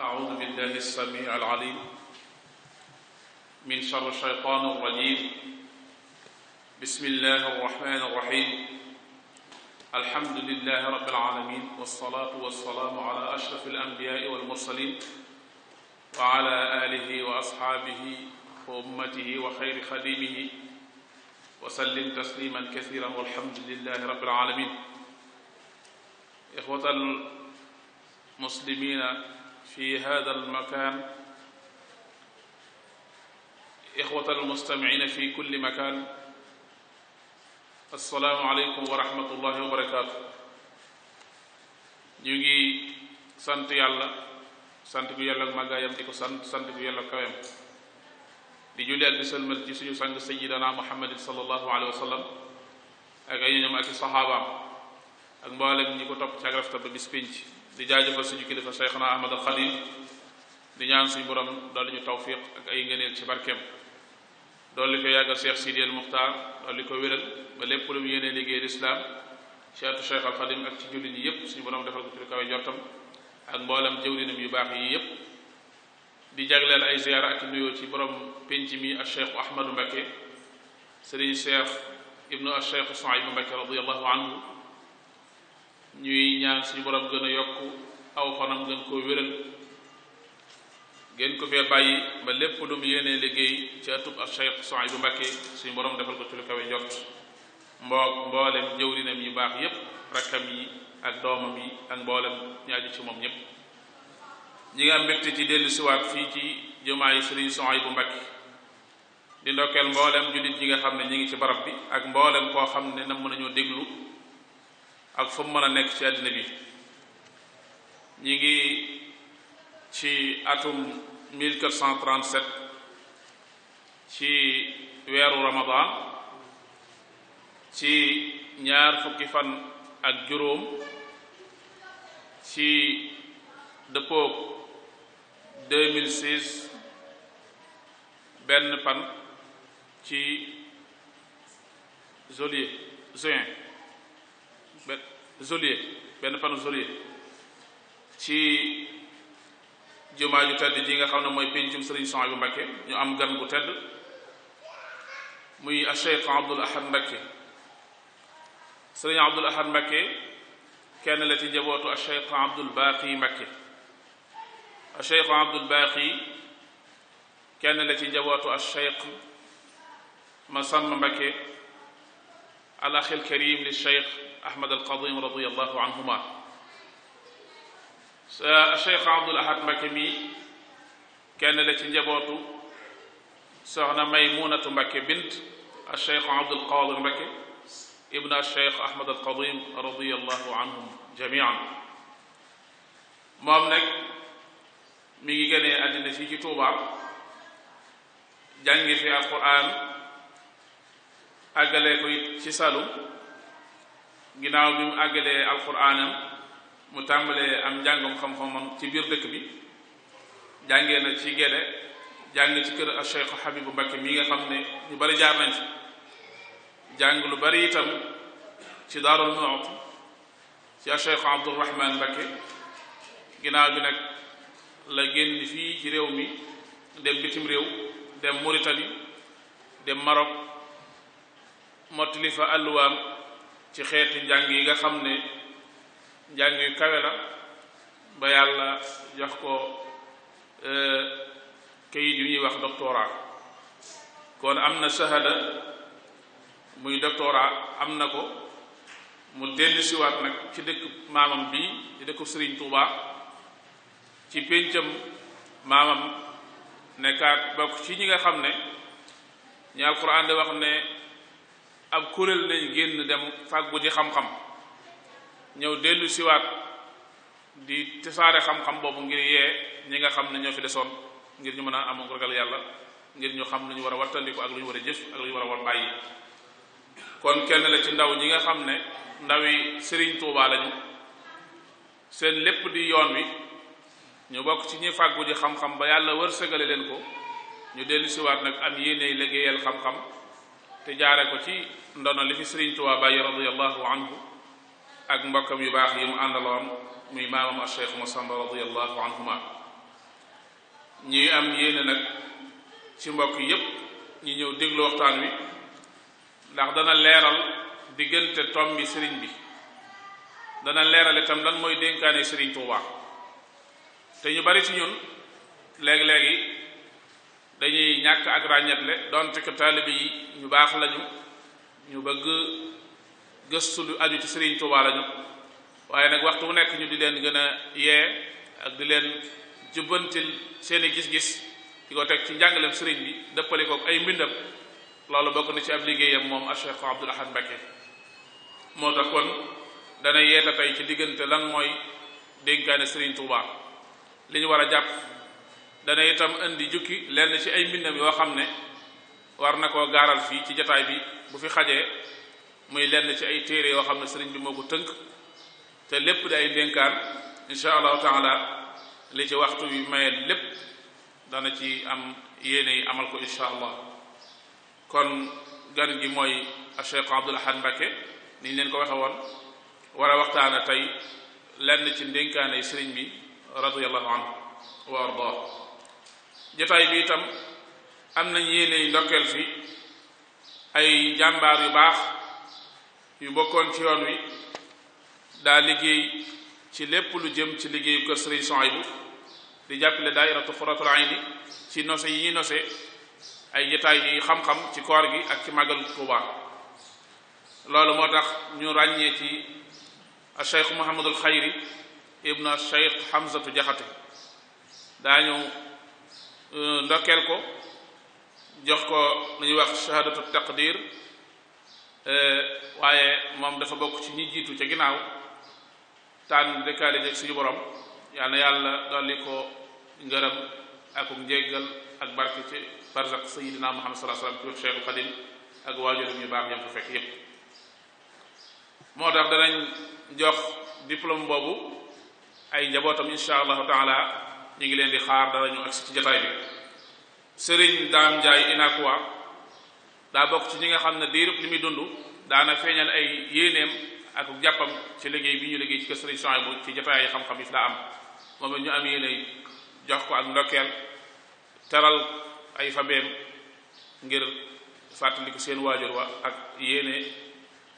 أعوذ بالله السميع العليم من شر الشيطان الرجيم بسم الله الرحمن الرحيم الحمد لله رب العالمين والصلاة والسلام على أشرف الأنبياء والمرسلين وعلى آله وأصحابه وأمته وخير خديمه وسلم تسليما كثيرا والحمد لله رب العالمين إخوة المسلمين في هذا المكان إخوة المستمعين في كل مكان السلام عليكم ورحمة الله وبركاته نيجي سنت يالله سنت يالله مغايم ديكو سنت سنت يالله كايم di julli ak di sëlmal ci suñu sang sayyidana muhammadin sallallahu alayhi wa sallam ak ay ñoom ak sahabaam ak mboolem ñi ko topp ci ak rafta ba bis penc di jaajëfal suñu kilifa Cheikhna Ahmad al Khalil di ñaan suñu borom dolli ñu tawfiq ak ay ngëneel ci barkeem dolli ko yàggal Cheikh Sidi al Muxtaar dolli ko wéral ba lépp lu mu yéenee liggéey lislaam Cheikh Cheikh al Khadim ak ci jullit yi yépp suñu borom defal ko ci kawe jortam ak mboolem jëwrinam yu baax yi yépp di jagleel ay ziyaara ak nuyoo ci borom penc mi ak Cheikh Ahmadou Mbacké sëriñ Cheikh ibnu al Cheikh Souaïbou Mbacké radiyallahu anhu ñuy ñaan suñu boroom gën a yokk aw fanam gën koo wéral gën ko fee bàyyi ba lépp lu mu yéenee liggéey ci atub ak Cheikh Souhaïbou Mbacké suñu borom defal ko ci lu kawe njot mboog mboolem jëwrinam yu baax yépp rakkam yi ak doomam yi ak mboolem ñu aju ci moom ñépp ñi nga am mbégte ci dellu siwaat fii ci jumaayi Serigne bu Mbacké di ndokkeel mboolem jullit yi nga xam ne ñu ngi ci barab bi ak mbooleem koo xam ne nam mën nañoo déglu ak fu mën a nekk ci àddina bi ñi ngi ci atum 1437 ci weeru ramadan ci ñaar fukki fan ak juróom ci dëppoog 2006 benn fan ci juillet juin zolier benn panu zolier ci jumaa ju tedd ji nga xam ne mooy pencum sëriñ son bu Mbakke ñu am gan bu tedd muy Cheikh Abdoul Ahad Mbakke sëriñ Abdoul Ahad Mbakke kenn la ci njabootu Cheikh Abdoul Baqi Mbakke Cheikh Abdoul Baqi kenn la ci njabootu Cheikh Masamba Mbakke al axil karim li Cheikh أحمد القضيم رضي الله عنهما الشيخ عبد الأحد مكمي كان لك نجبوت سهنا ميمونة مكي بنت الشيخ عبد القادر مكي ابن الشيخ أحمد القضيم رضي الله عنهم جميعا moom ميجي جاني أدنى في كتوبة fii في القرآن jàngi fi alquran ginaaw bi mu àggalee alxuraanam mu tàmbalee am njàngam xam-xamam ci biir dëkk bi jàngee na ci Gede jàng ci kër a Cheikh Habibu Mbakke mi nga xam ne ñu bari jaar nañ jàng lu bari itam ci Daarul Muxti ci a Cheikh Abdourahman Mbakke ginnaaw bi nag la génn fii ci réew mi dem bitim réew dem Mauritanie dem Maroc mottali fa ci xeeti njàng yi nga xam ne njàng yu kawe ba yàlla jox ko e, kayit yu ñuy wax doctorat kon am na shahada muy doctorat am na ko mu dellu siwaat nag ci dëkk maamam bi ci dëkku Sëriñ Tuuba ci péncam maamam nekkaat bokk ci ñi nga xam ne ñi alquran di wax ne ab kuréel lañ génn dem fàggu ji xam-xam ñëw dellu siwaat di tasaare xam-xam boobu ngir yee ñi nga xam ne ñoo fi desoon ngir ñu mën a am ragal yàlla ngir ñu xam lu ñu war a wattandiku ak lu ñu war a jëf ak lu ñu war a war bàyyi kon kenn la ci ndaw ñi nga xam ne ndawi sëriñ Touba lañu seen lépp di yoon wi ñu bokk ci ñuy fàggu ji xam-xam ba yàlla wërsëgale leen ko ñu dellu siwaat nag am yéene liggéeyal xam-xam te jaare ko ci ndono li fi Sëriñ Tuubaa bàyyi radiallahu anhu ak mbokkam yu baax yi mu àndaloon muy maamam Cheikh Massamba radiallahu anhuma ñi am yéene nag ci mbokk yépp ñu ñëw déglu waxtaan wi ndax dana leeral diggante tom bi sëriñ bi dana leeral itam lan mooy dénkaane Sëriñ Tuubaa te ñu bari ci ñun léegi-léegi dañuy ñàkk ak ràññetle donte ko taalibe yi ñu baax lañu ñu bëgg gëstu lu aju Sëriñ Tuubaa lañu waaye nag waxtu wu nekk ñu di leen gën a yee ak di leen jubbantil seeni gis-gis di ko teg ci njàngaleem sëriñ bi dëppale ko ay mbindam loolu bokk na ci ab liggéeyam moom Cheikh Abdoul Ahad Mbacké moo tax kon dana yeeta tey ci diggante lan mooy dénkaane Sëriñ Tuubaa li war a jàpp dana itam indi jukki lenn ci ay mbindam yoo xam ne war na koo gaaral fii ci jataay bi bu fi xajee muy lenn ci ay téere yoo xam ne sëriñ bi moo ko tënk te lépp day dénkaan insha allahu taala li ci waxtu bi maye lépp dana ci am yéene amal ko insha allah kon gan gi mooy Cheikh Abdoul Ahad Mbacké ni leen ko waxe woon war a waxtaana tey lenn ci ndénkaane sëriñ bi radiyallahu anhu wa ardaa jotaay bi itam am nañ yéene ndokkeel fi ay jàmbaar yu baax yu bokkoon ci yoon wi daa liggéey ci lépp lu jëm ci liggéeyu kër Sëriñ Souhaïbou di jàppale daairatu xuratul ayni ci nose yi ñuy nose ay jotaay yu xam-xam ci koor gi ak ci màggalu Tuubaa loolu moo tax ñu ràññee ci a cheikh Mouhamadul Xayri ibnu a cheikh Hamzatu Jaxate daa ñëw Euh, ndokkeel ko jox ko lu ñuy wax shahadatu taqdir euh, waaye moom dafa bokk ci ñi jiitu ca ginnaaw tànn dëkkaale jeeg suñu borom yal na yàlla dolli ko ngërëm ak njéggal ak barke ci barzak sayidina muhammad sallallahu alayhi wasallam ci Cheikhul Xadim ak waajuram yu baax ñam ko fekk yépp moo tax danañ jox diplôme boobu ay njabootam insha allahu taala ñu ngi leen di xaar dara ñu agsi ci jotaay bi sëriñ daam njaay inakuwa daa bokk ci ñi nga xam ne diirub li muy dund daana feeñal ay yéeneem ak jàppam ci liggéey bi ñu liggéey ci kër sëriñ Sohaybu bu ci jotaay yi xam-xam yi fi daa am moom it ñu am yéene jox ko ak ndokkeel teral ay fabeem ngir fàttaliku seen waajur wa ak yéene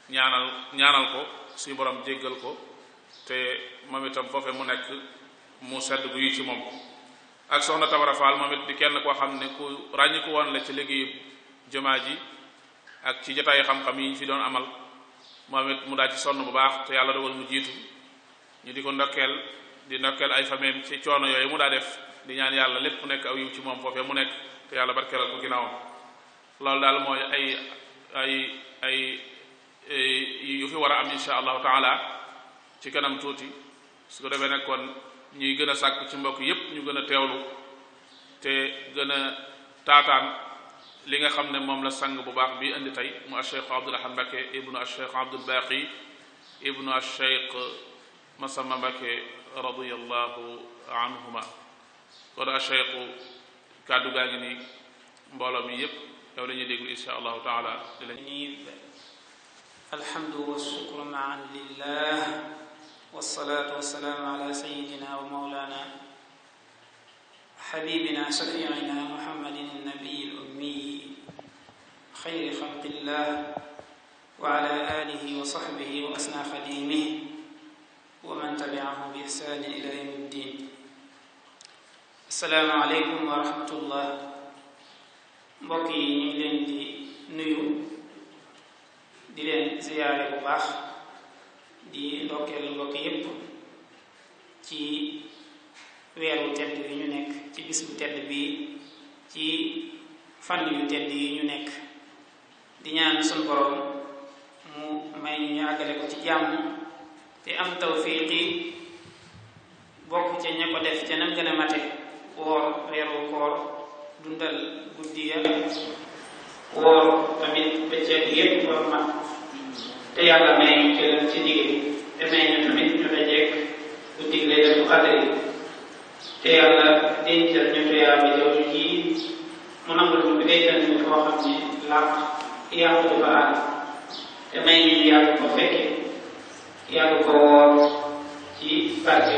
ñaanal ñaanal ko suñu borom jéggal ko te moom itam foofe mu nekk mu sedd bu yi ci moom ak soxna Tabara Faal moom it di kenn koo xam ne ku ràññiku woon la ci léegi jumaa ji ak ci jotaayu xam-xam yi ñu fi doon amal moom it mu daal ci sonn bu baax te yàlla dogal mu jiitu ñu di ko ndokkeel di ndokkeel ay fameem ci coono yooyu mu daa def di ñaan yàlla lépp mu nekk aw yiw ci moom foofee mu nekk te yàlla barkeelal ko ginnaawam loolu daal mooy ay ay ay e, yu fi war a am insha allahu taala ci kanam tuuti su ko defee nekkoon ñuy gën a sàkku ci mbokk yépp ñu gën a teewlu te gën a taataan li nga xam ne moom la sang bu baax bi indi tey mu acheikh Abdul Ahad Mbacke a acheikh Abdul Baqi ibnu acheikh Masamba Mbacke radiyallahu anhuma kon acheikh kàddu gaa ngi nii mbooloo mi yépp yow la ñuy déglu insha taala di alhamdu wa shukru maan lillah والصلاة والسلام على سيدنا ومولانا حبيبنا شفيعنا محمد النبي الأمي خير خلق الله وعلى آله وصحبه وأسنى خديمه ومن تبعه بإحسان إلى يوم الدين السلام عليكم ورحمة الله بقي نيو دي ngi leen di di ndokkeel mbokk yépp ci weeru tedd bi ñu nekk ci bis bu tedd bi ci fànn yu tedd yi ñu nekk di ñaan sunu borom mu may ñu ñu ko ci jàmm te am tawfiqi bokk ca ña ko def ca nam gën a mate woor weeru koor dundal guddi ya woor tamit bëccëg yépp war mat قيام ميك سيدي امين امين نفجك وتيك ليلة قدري te yàlla dencal ñu te yàlla yow ci mu nangul ñu dencal ñu koo xam ne làq yàqu du baal te may ñu yàgg ko fekke yàgg ko woor ci barke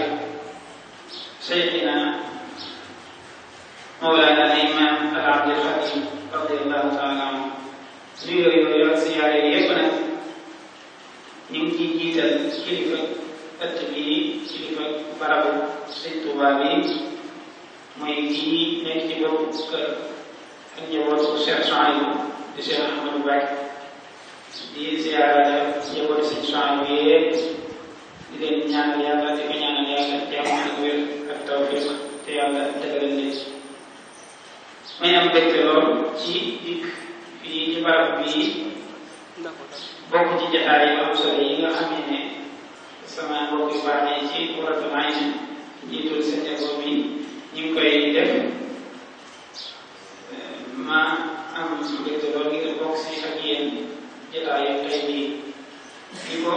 Seyxina Mawlana al Imam al Abdul Hakim radiallahu taala anhu ñu yooyu yooyu ak si ñu ngi ciy jiital kilifa ëtt bii kilifa barabu sëñ Tuubaa bi mooy kii nekk ci bopp kër ak njabootu Cheikh Souhaïbou di Cheikh Ahmadou Mbacké di ziyaara njabootu sëñ Souhaïbou yépp di leen ñaan yàlla di ko ñaanal yàlla jàmm ak wér ak tawfiq te yàlla dëgëral leen may am mbégte lool ci dikk fii ci barab bii bokk ci jotaay yu am solo yi nga xam ne sama mbokk yu baax yi ci département yi njiitul Sénégal bi ñu ngi koy def ma am su dee loolu ngir bokk si ak yéen jotaay yu tey bii di ko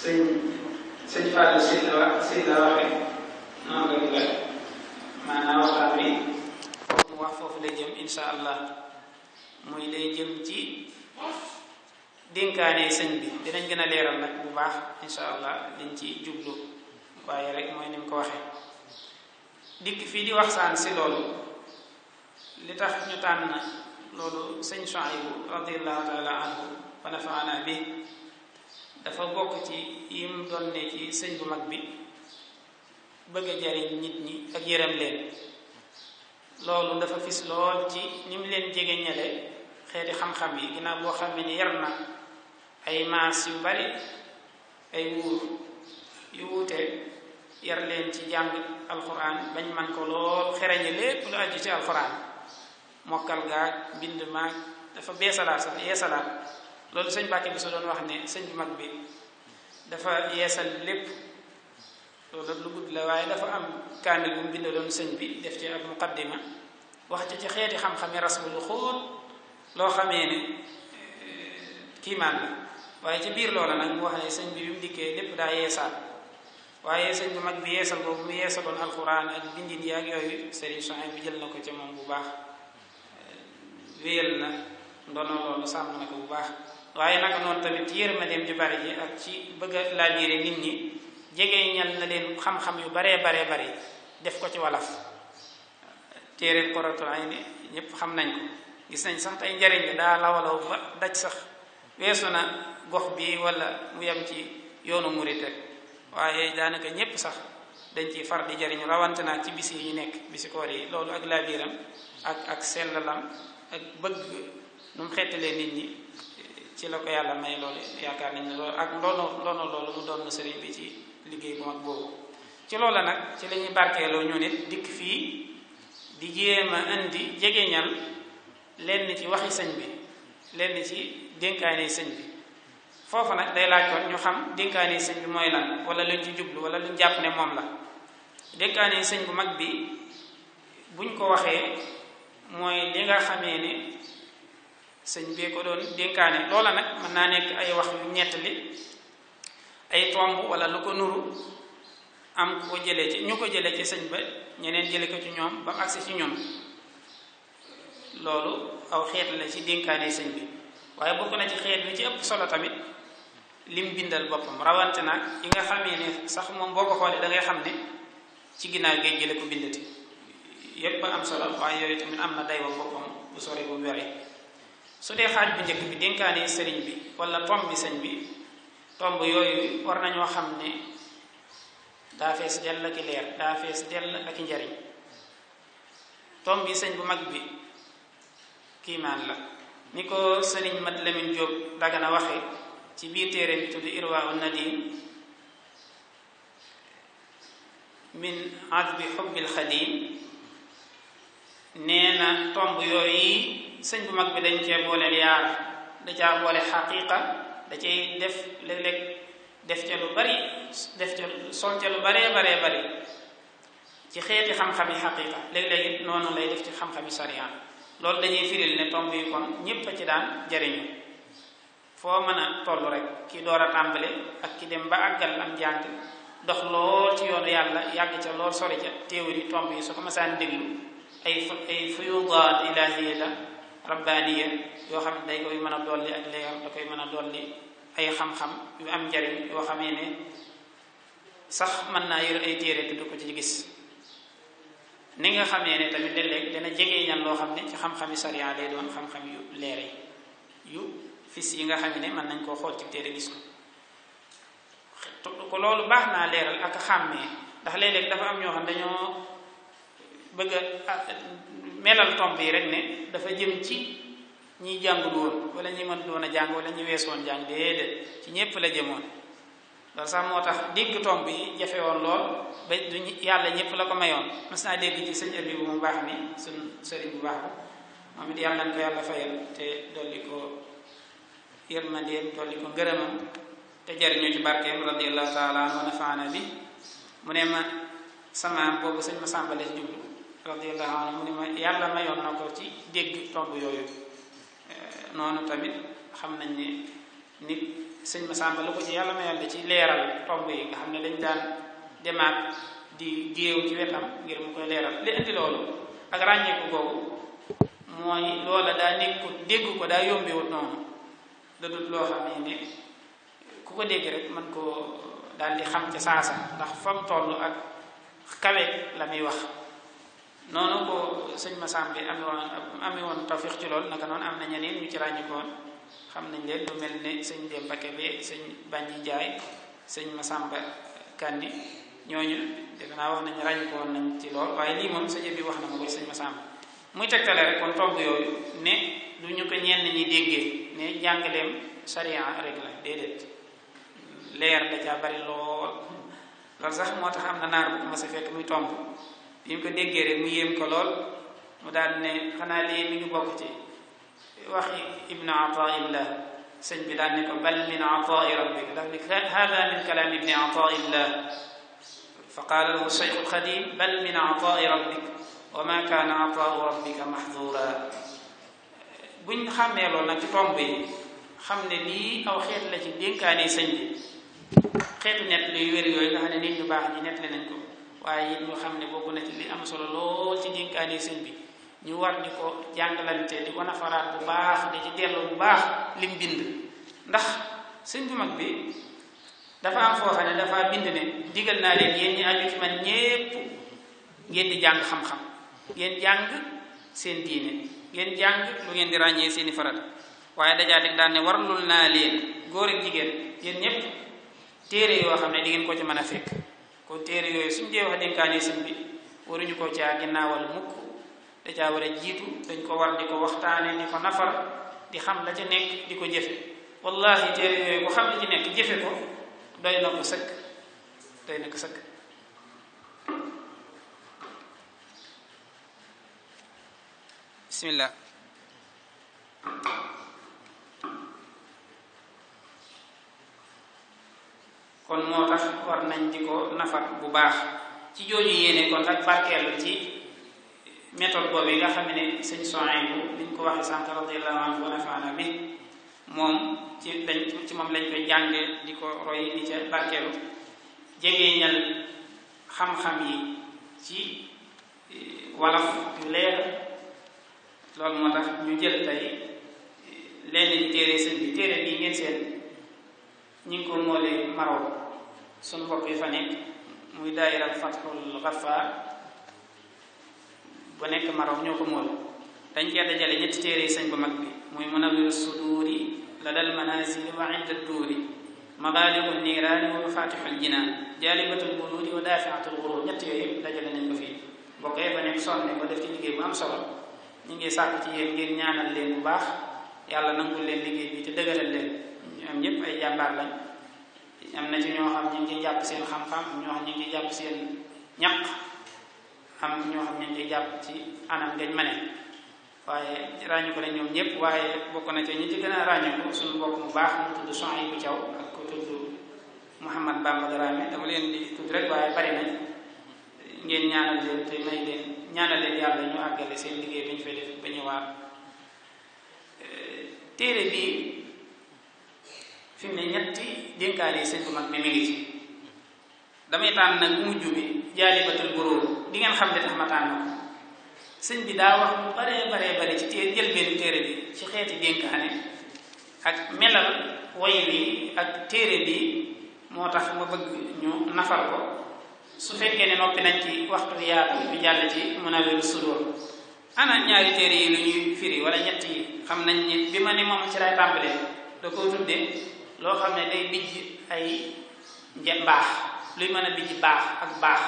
sëñ sëñ Fallou si la wax si la waxee noonu la dugal maanaam waxtaan bi mu wax foofu la jëm incha allah muy day jëm ci dinkane señ bi dinañ gëna a nak bu baax inshallah allah liñ ci jublu waye rek moy nim ko waxe dik fi di san ci lool li tax ñu na lool señ Chouaïbou radiyallahu taala anhu wa nafaana bi dafa bok ci yim doon ci señ bu mag bi bëgg jari nit ñi ak yërëm leen loolu dafa fis lool ci nim leen jege ñale xam-xam yi ginaaw bo xamé ni yarna ay maas yu bari ay wuur yu wuute yar leen ci jàng alquran bañ man ko lool xereñe lépp lu aju ci alquran mokkal gaag mbind maag dafa beesalaat sax yeesalaat loolu sëñ Bàkke bi su doon wax ne sëñ bu mag bi dafa yeesal lépp loolu lu gudd la waaye dafa am kaamil bu mu bindaloon sëñ bi def ci ak muqaddima wax ci ci xeeti xam ras rasmu lu xóot loo xamee ne eh, kiimaan la waaye ci biir loola nag mu wax ne sëñ bi bi mu dikkee lépp daa yeesaat waaye sëñ bu mag bi yeesal boobu mu yeesaloon alxuraan ak bindin yi ak yooyu sëriñ Souhaïbou jël na ko ci moom bu baax wéyal na ndono loolu sàmm na ko bu baax waaye naka noonu tamit yërmandeem ju bari ji ak ci bëgg a laabiire nit ñi jege ñal na leen xam-xam yu baree baree bari def ko ci walaf téere Qurratul Ayni ñépp xam nañ ko gis nañ sax tey njariñ la daa lawalaw ba daj sax weesu gox bi walla mu yem ci yoonu murit rek waaye daanaka ñépp sax dañ ciy far di jariñu rawante naa ci bisi yi ñu nekk bisi koor yi loolu ak laa laabiram ak ak sellalam ak bëgg nu mu xettalee nit ñi ci la ko yàlla may loolu yaakaar nañ ne loolu ak ndono ndono loolu mu doon sëriñ bi ci liggéey bu mag boobu ci loola nag ci lañuy ñuy barkeeloo ñu nit dikk fii di jéem a indi jegeñal lenn ci waxi sëñ bi lenn ci dénkaane sëñ bi foofu nag day laajoon ñu xam dénkaani sëñ bi mooy lan wala luñ ci jublu wala luñ jàpp ne moom la dénkaani sëñ bu mag bi buñ ko waxee mooy li nga xamee ne sëñ bee ko doon dénkaane loola nag mën naa nekk ay wax yu ñett li ay tomb wala lu ko nuru am ko jëlee ci ñu ko jëlee ci sëñ ba ñeneen jële ko ci ñoom ba mu agsi ci ñoom loolu aw xeet la ci dénkaane sëñ bi waaye bokk na ci xeet bi ci ëpp solo tamit lim bindal boppam rawante nag yi nga xamee ne sax moom boo ko xoolee da xam ne ci ginnaaw géej gi la ko bindati yépp am solo waaye yooyu tamit am na day wa boppam bu sore bu wéree su dee xaaj bu njëkk bi dénkaane sëriñ bi walla tomb bi sëñ bi tomb yooyu war nañoo xam ne daa fees dell ak i leer daa fees dell ak i njariñ tomb bi sëñ bu mag bi kiimaan la ni ko sëriñ Mat Lamin Jóob Dagana waxe تبيتير تود إروى النادي من عذب حب الخديم نينا توم بيوي سنج مك بدن جي بول اليار دا جا بول حقيقه دا جي ديف لك لك ديف تي لو بري ديف تي سول تي لو بري بري بري جي خيتي خم خمي حقيقه لك لك نونو لاي ديف تي خم خمي شريعه لول دا جي فيريل ني توم بيوي كون نيب تي دان جاريني foo mën a toll rek kii door a tàmbale ak ki dem ba àggal am jàng dox lool ci yoonu yàlla yàgg ca lool sori ca téewéri tomb yi su ko masaan déglu ay ay fuyudaat ilaahiya la rabbaaniya yoo xam ne day koy mën a dolli ak leer da koy mën a dolli ay xam-xam yu am njariñ yoo xamee ne sax mën naa yor ay téere te du ko ci gis ni nga xamee ne tamit léeg-léeg dana jege loo xam ne ci xam-xami sariya lay doon xam-xam yu leere yu fis yi nga xam man nañ ko xol ci téré gis ko ko loolu baax naa ak xàmmee ndax léeg dafa am ñoo xam dañu bëgg a melal tomb yi rek ne dafa jëm ci ñi jàngul woon wala ñi mën doona jang wala ñi weesoon jang dédé ci ñepp la jëmoon da sa motax tax dégg tomb yi jafe woon lool ba du yalla ñepp la ko mayoon mas naa dégg ci señ bi bu mu baax mi suñ sëriñ bu baax amit yalla it yàlla ko yàlla fayal té dolli ko yërmandeem tolli ko ngërëmam te jariñu ci barkeem radiallahu taala anhu bi mu ne ma samaam boobu sëñ ma sàmbale si jublu radiallahu anhu mu ne ma yàlla mayoon na ko ci dégg tomb yooyu eh, noonu tamit xam nañ ne nit sëñ ma sàmbale ko ci yàlla mayoon na ci leeral tomb yi nga xam ne lañ daan demaat di géew ci wetam ngir mu koy leeral li indi loolu ak ràññeeku googu mooy loola daa nekkut dégg ko daa yombiwut noonu da dut loo xam ne ni ku ko dégg rek mën koo daal di xam ca saasa ndax fam toll ak kawe la muy wax noonu ko sëñ Massamba bi ame woon ame woon tawfiq ci lool a noonu am na ñeneen ñu ci ràññikoon xam nañ leen lu mel ne sëñ Diem Mbakke bi sëñ Bàññi Jaay sëñ Massamba kandi ñooñu defe naa wax nañ ràññikoon nañ ci lool waaye lii moom sëñ bi wax na ma ko sëñ Massamba muy tegtale rek kon togg yooyu ne duñu ko ñenn ñi déggee ne jàngaleem sharia rek la déedéet leer da caa bari lool loolu sax moo tax am na naar bu ko mas a fekk muy tomb bi mu ko déggee rek mu yéem ko lool mu daal ne xanaa lii mi ñu bokk ci waxi ibnu ataillah sëñ bi daal ne ko bal min atai rabbik daf ni hada min kalaam ibni ataillah fa qaala lahu cheikh alxadim bal min atai rabbik wa ma kana ataa'u rabbika mahdura buñ xamé loolu nak ci tomb yi ni ne aw xéet la ci dénkaane señ bi xeetu net luy wér yoy nga xamné ni nit ñu baax ñi net nañ ko waye ñu xamné bokku na ci li am solo lool ci dénkaane señ bi ñu war di ko jangalante di ko nafaraat bu baax di ci delu bu baax lim bind ndax señ bi mag bi dafa am foo xamné dafa bind ne digal naa leen yéen ñi aju ci man ñépp ngeen di jàng xam-xam ngeen jàng seen diine ngeen jàng lu ngeen di ràññee seeni farata waaye dajaaleg daan ne warlul naa leen góor ak jigéen yéen ñépp téere yoo xam ne di ngeen ko ci mën a fekk ko téere yooyu suñ dee wax dénkaane sëñ bi waruñu ko caa ginnaawal mukk da caa war a jiitu dañ ko war di ko waxtaane di ko nafar di xam la ci nekk di ko jëfe wallahi téere yooyu bu xam ne ci nekk jëfe ko doy na ko sëkk doy na ko sëkk bismillah kon moo tax war nañ di ko nafar bu baax ci jooju yéene kon ak barkeelu ci méthode boobu yi nga xam ne sëñ soin bu liñ ko waxee sànq radiallahu anhu wa nafaana bi moom ci dañ ci moom lañ koy jànge di ko roy di ca barkeelu jegeeñal xam-xam yi ci eh, wolof yu leer loolu moo tax ñu jël tey lenn téere sëñ bi téere bii ngeen seen ñi ngi ko moole Maroc suñu bopp yi fa nekk muy daayira Fathul Ghaffar bu nekk Maroc ñoo ko moole dañ cee dajale ñetti téere sëñ bu mag bi muy Munawwirus Suduri ladal manazil wa inda duuri magaalibu niiraani wa mafatihul jinaan jaalibatul buruudi wa daafiatul ghurur ñett yooyu dajale nañ ko fii bokk fa nekk sonne ko def ci liggéey bu am solo ñu ngi sàkk ci yéen ngir ñaanal leen bu baax yàlla nangul leen liggéey bi te dëgëral leen ñoom ñëpp ay jàmbaar lañ am na ci ñoo xam ñu ngi jàpp seen xam-xam ñoo xam ñu ngi jàpp seen ñaq am ñoo xam ñu ngi jàpp ci anam gañ ma ne waaye ràññu ko la ñoom ñëpp waaye bokk na ci ñu ci gën a ràññu ko suñu bokk mu baax mu tudd Soxna bu Thiaw ak ko tudd Mouhamad Bamba Dramé dama leen di tudd rek waaye bari nañ ngeen ñaanal leen te may leen ñaanal leen yàlla ñu àggale seen liggéey bi ñu fay def ba ñëwaat eh, téere bi fi mu ne ñetti dénkaane yi sëñ bu mag ne mi ngi ci damay tànn nag bu mujj bi jaalibatul buruur di ngeen xam ne tax ma tànn ko bi daa wax lu baree baree bare ci téere jël benn téere bi ci xeeti dénkaane ak melal way bi ak téere bi moo tax ma bëgg ñu nafar ko su fekkee ne noppi nañ ci waxtu yaatu bi jàll ci Munawwirus Sudur ana ñaari téere yi lu ñuy firi wala ñett yi xam nañ ne bi ma ne moom ci lay tàmbalee da koo tudde loo xam ne day bijj ay nje mbaax luy mën a bijj baax ak baax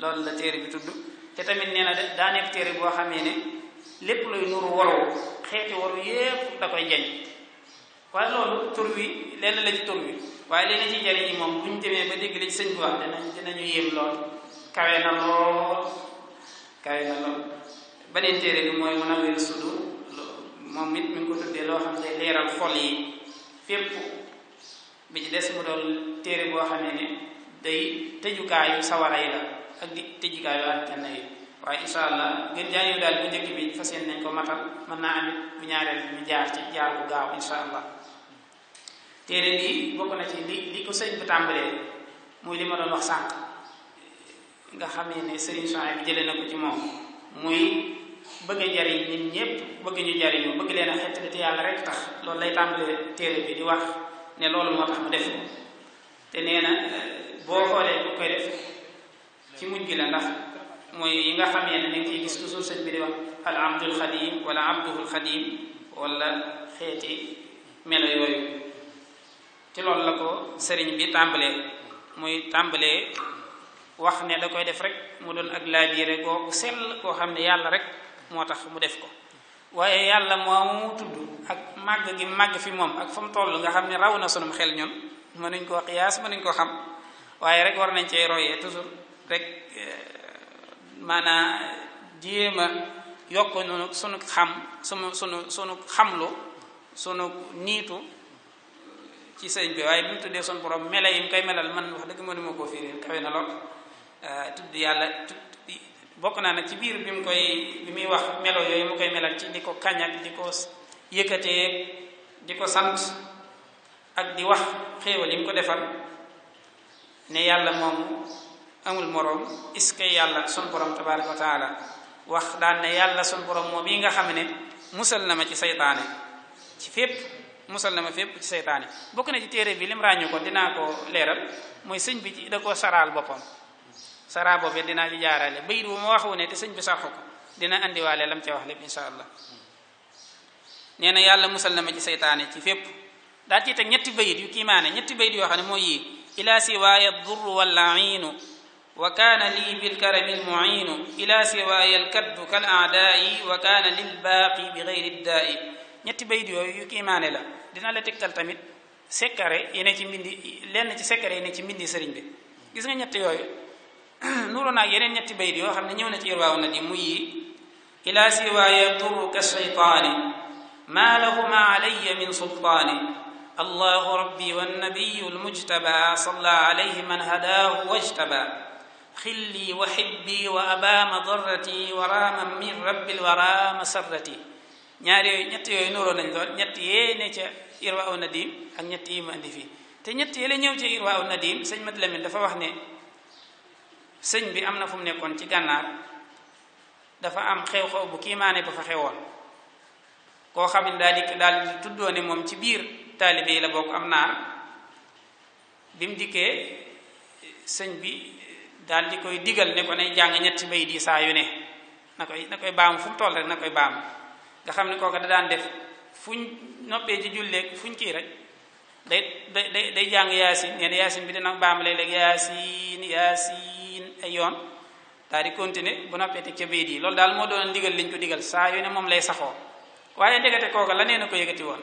loolu la téere bi tudd te tamit nee na daa nekk téere boo xamee ne lépp luy nuru waru xeeti waru yépp da koy jañ waaye loolu tur wi lenn la ci tur wi waaye li na ci jariñ yi moom bu ñu demee ba dégg la ci sëñ bi wax dinañ dinañu yéem lool kawe na lool kawe na lool beneen téere bi mooy mën a wér sudu moom it mi ngi ko tuddee loo xam ne yi fépp bi ci mu sawara yi la ak di tëjukaayu aljanna yi waaye incha allah gën jaañu daal bu njëkk bi fas nañ ko matal mën naa amit bu ñaareel bi ñu jaar ci jaar bu gaaw incha allah téere bi bokk na ci li li ko sëñ bi tàmbalee muy li ma doon wax sànq nga xamee ne sëriñ Sonia bi jëlee na ko ci moom muy bëgg a jariñ nit ñépp bëgg ñu jariñu bëgg leen a xett te yàlla rek tax loolu lay tàmbalee téere bi di wax ne loolu moo tax mu def te nee na boo xoolee bu koy def ci mujj gi la ndax mooy yi nga xamee ne da nga ciy gis toujours sëñ bi di wax al abdul xadim wala abduhul xadim wala xeeti melo yooyu ci loolu la ko sëriñ bi tàmbalee muy tàmbalee wax ne da koy def rek mu doon ak laabiire googu sell koo xam ne yàlla rek moo tax mu def ko waaye yàlla moomu tudd ak màgg gi màgg fi moom ak fa mu toll nga xam ne raw na sunum xel ñun mënuñ koo xiyaas mënuñ koo xam waaye rek war nañ cee royee toujours rek eh, maanaa jéem a yokk nunu sunu xam sunu sunu sunu xamlu sunu niitu ci sëñ bi waye bi tuddé son borom mela yi kay melal man wax deug mënuma koo fiiri kawe na euh tudd yàlla bokk na nag ci bir bi mu koy bi muy wax melo yooyu mu koy melal ci di ko kañ ak di sant ak di wax xéewal yi ko defal ne yàlla moom amul moroom iskay yàlla sun borom tabaraka taala wax daan ne yàlla sun borom moom yi nga xam musal na ma ci saytaane ci fépp musal na ma fépp ci seytaane bokk na ci téere bi lim ràññu ko dinaa ko leeral mooy sëñ bi ci da ko saraal boppam saraa boobu dinaa ci jaarale bayit bu ma waxu ne te sëñ bi sarxu ko dina andiwaale lam ci wax lépp insha allah nee na yàlla musal na ma ci seytaane ci fépp daal ci teg ñetti bayit yu kiimaane ñetti bayit yoo xam ne mooy yii ila siwaaya durru wallainu wa kaana lii bilkarami lmuinu ila siwaaya alkaddu kal aadaayi wa kaana lilbaaqi bi gayri ddaayi ñetti bayit yooyu yu kiimaane la dina la tegtal tamit sekare yi ci mbindi lenn ci sekare yi ci mbindi sëriñ bi gis nga ñetti yooyu nuru naag yeneen ñetti bayit yoo xam ne ñëw na ci irwaaw na di mu yi ila siwa yaturuka shaytaani ma lahuma alayya min sultaani الله ربي والنبي المجتبى صلى عليه من هداه واجتبى خلي وحبي وأبا مضرتي ورا من رب الورى مسرتي ñaar yooyu ñett yooyu nuróo nañ lool ñett yee ne ca irwa u nadim ak ñett yi mu andi fii te ñett yee la ñëw ca irwa u nadim sëñ Mat Lamin dafa wax ne sëñ bi am na fu mu nekkoon ci gànnaar dafa am xew-xew bu kiimaane ba fa xewoon koo xam ne daal di daal tuddoo ne moom ci biir taalibe yi la bokk am naar bi mu dikkee sëñ bi daal di koy digal ne ko nay jàng ñetti bayit yi saa yu ne na koy na koy baamu fu mu toll rek na koy baamu nga xam ne kooka da daan def fuñ noppee ci julleeg fuñ kii rek day day day jàng yaasin nee na yaasin bi dina baam léeg-léeg yaasin yaasin ay yoon daal di continuer bu noppee teg ca béyit yi loolu daal moo doon ndigal lañ ko digal saa yu ne moom lay saxoo waaye ndegete kooka la nee na ko yëgati woon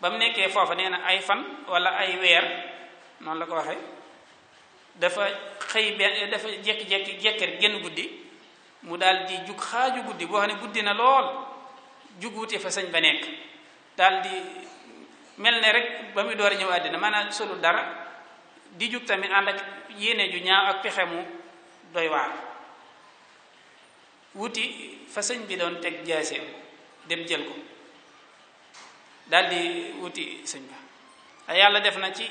ba mu nekkee foofa nee na ay fan wala ay weer noonu la ko waxee dafa xëy benn dafa jékki-jékki jékki génn guddi mu daal di jug xaaju guddi boo xam ne guddi na lool juguute fa sëñ ba nekk daal di mel ne rek ba muy door a ñëw àddina maanaam solu dara di jug tamit ànd ak yéene ju ñaaw ak pexe mu doy waar wuti fa sëñ bi doon teg jaaseem dem jël ko daal wuti sëñ ba a yàlla def na ci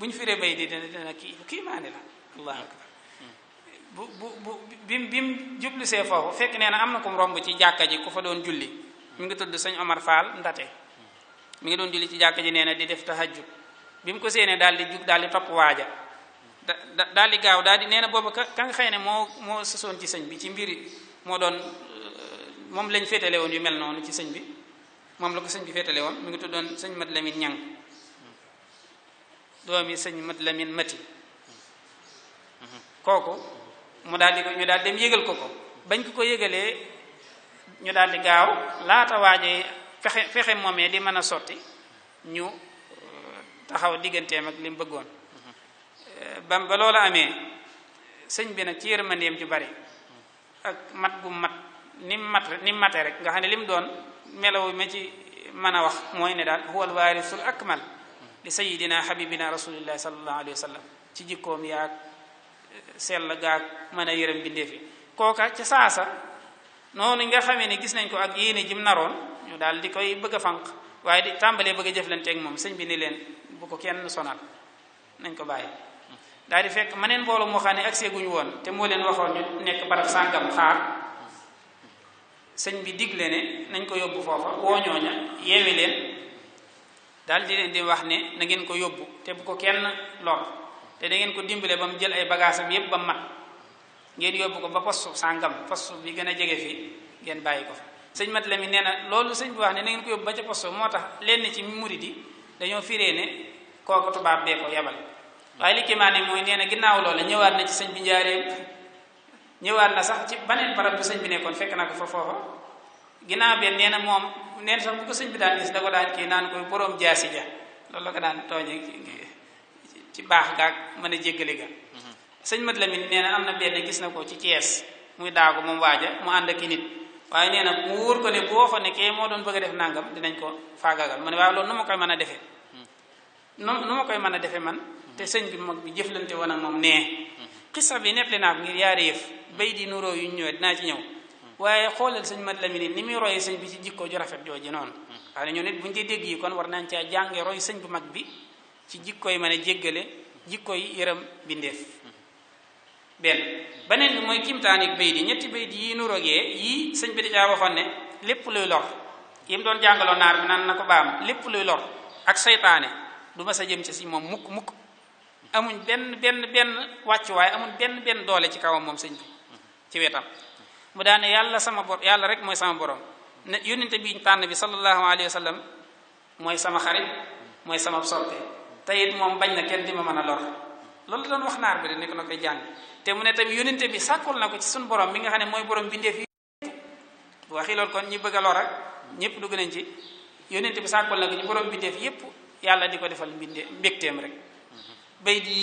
bu ñu firee bay di dina dina kii kii maane la allahu akbar bu bu bu bim bim jublu see foofu fekk nee na am na ko romb ci jàkka ji ku fa doon julli mi ngi tudd sëñ Omar Fall Ndate mu ngi doon julli ci jàkk ji nee na di def tahajjud bi mu ko séenee daal di jug daal di topp waaja da daal di gaaw dal di nee na boobu ka nga xëy ne moo moo sosoon ci sëñ bi ci mbiri moo doon euh, moom lañ féetale woon yu mel noonu ci sëñ bi moom la ko sëñ bi féetale woon mu ngi doon sëñ Mat Lamin Ñang doomi sëñ Mat Lamin Mati kooku mu daal di ko ñu daal dem yégal ko ko bañ ko ko yégalee ñu daal di gaaw laata waaje fexe fexe moomee di mën a sotti ñu euh, taxaw digganteem ak li mu bëggoon euh, ba ba loola amee sëñ bi nag ci yërmandeem ju bari ak mat gu mat ni mat ni mate rek nga xam ne li mu doon melawu ma ci mën a wax mooy ne daal huwal waarisul akmal li sayidina habibina rasulillahi sallallahu alayhi wa sallam ci jikkoom yaag euh, sell gaag mën a yërëm bindee fi kooka ca saasa noonu nga xamee ni gis nañ ko ak yéene jim naroon ñu daal di koy bëgg a waaye di tàmbalee bëgg a jëflante ak moom sëñ bi ni leen bu ko kenn sonal nañ ko bàyyi daal di fekk maneen mbooloo moo xam ne ak seeguñu woon te moo leen waxoon nekk barab sàngam xaar sëñ bi digle ne nañ ko yóbbu foofa woo ñooña yeewi leen daal di leen di wax ne na ngeen ko yóbbu te bu ko kenn lor te da ngeen ko dimbale ba mu jël ay bagaasam yépp ba mu mat ngeen yóbbu ko ba postu sàngam postu bi gën a jege fii ngeen bàyyi ko fa sëñ mat la mi nee na loolu sëñ bi wax ne na ngeen ko yóbbu ba ca postu moo tax lenn ci murid yi dañoo firee ne kooku tubaab bee ko yabal waaye li kimaane mooy nee na ginnaaw loola ñëwaat na ci sëñ bi njaareem ñëwaat na sax ci baneen barab bu sëñ bi nekkoon fekk na ko fa foofa ginnaaw benn nee na moom nee sax bu ko sëñ bi daan gis da ko daan kii naan koy borom jaasi ja loolu la ko daan tooñe ci baax gaag mën a ga mm-hmm. sëñ Mat Lamin nee na am na benn gis na ko ci Thiès muy daagu moom waaja mu ànd ak i nit waaye nee na mu wóor ko ne boo fa nekkee moo doon bëgg a def nangam dinañ ko faagagal ma ne waaw loolu ma koy mën a defee nu nu koy mën a defee man te sëñ bi mag bi jëflante woon ak moom nee xisa bi nettali naa ko ngir yaari yëf bay di nuroo yu ñu ñëwee dinaa ci ñëw waaye xoolal sëñ Mat Lamin ni muy royee sëñ bi ci jikko ju rafet jooju noonu waaye ñoo nit bu ñu dee dégg yi kon war nañ caa jàngee roy sëñ bu mag bi ci jikko yi mën a jéggale jikko yi yërëm bindeef benn beneen bi mooy kimtaanik bayit yi ñetti bayit yii nu rogee yii sëñ bi dèjà waxoon ne lépp luy lor yi mu doon jàngaloo naar bi naan na ko baam lépp luy lor ak seytaane du ma sa jëm ci si moom mukk mukk amuñ benn benn benn wàccuwaay amuñ benn benn doole ci kawam moom sëñ bi ci wetam mu daane yàlla sama bor yàlla rek mooy sama borom ne yónnente bi ñu tànn bi sallallahu alayhi wa sallam mooy sama xarit mooy sama soppe te it moom bañ na kenn di ma mën a lor loolu doon wax naar bi de nekk na koy jàng te mu ne tam yonente bi sàkkul na ko ci sun borom mi nga xam ne mooy borom bindee fi waxi loolu kon ñi bëgg a lor ak ñëpp dugg nañ ci yonente bi sàkkul na ci borom bindee fi yépp yàlla di ko defal mbinde mbégteem rek bay di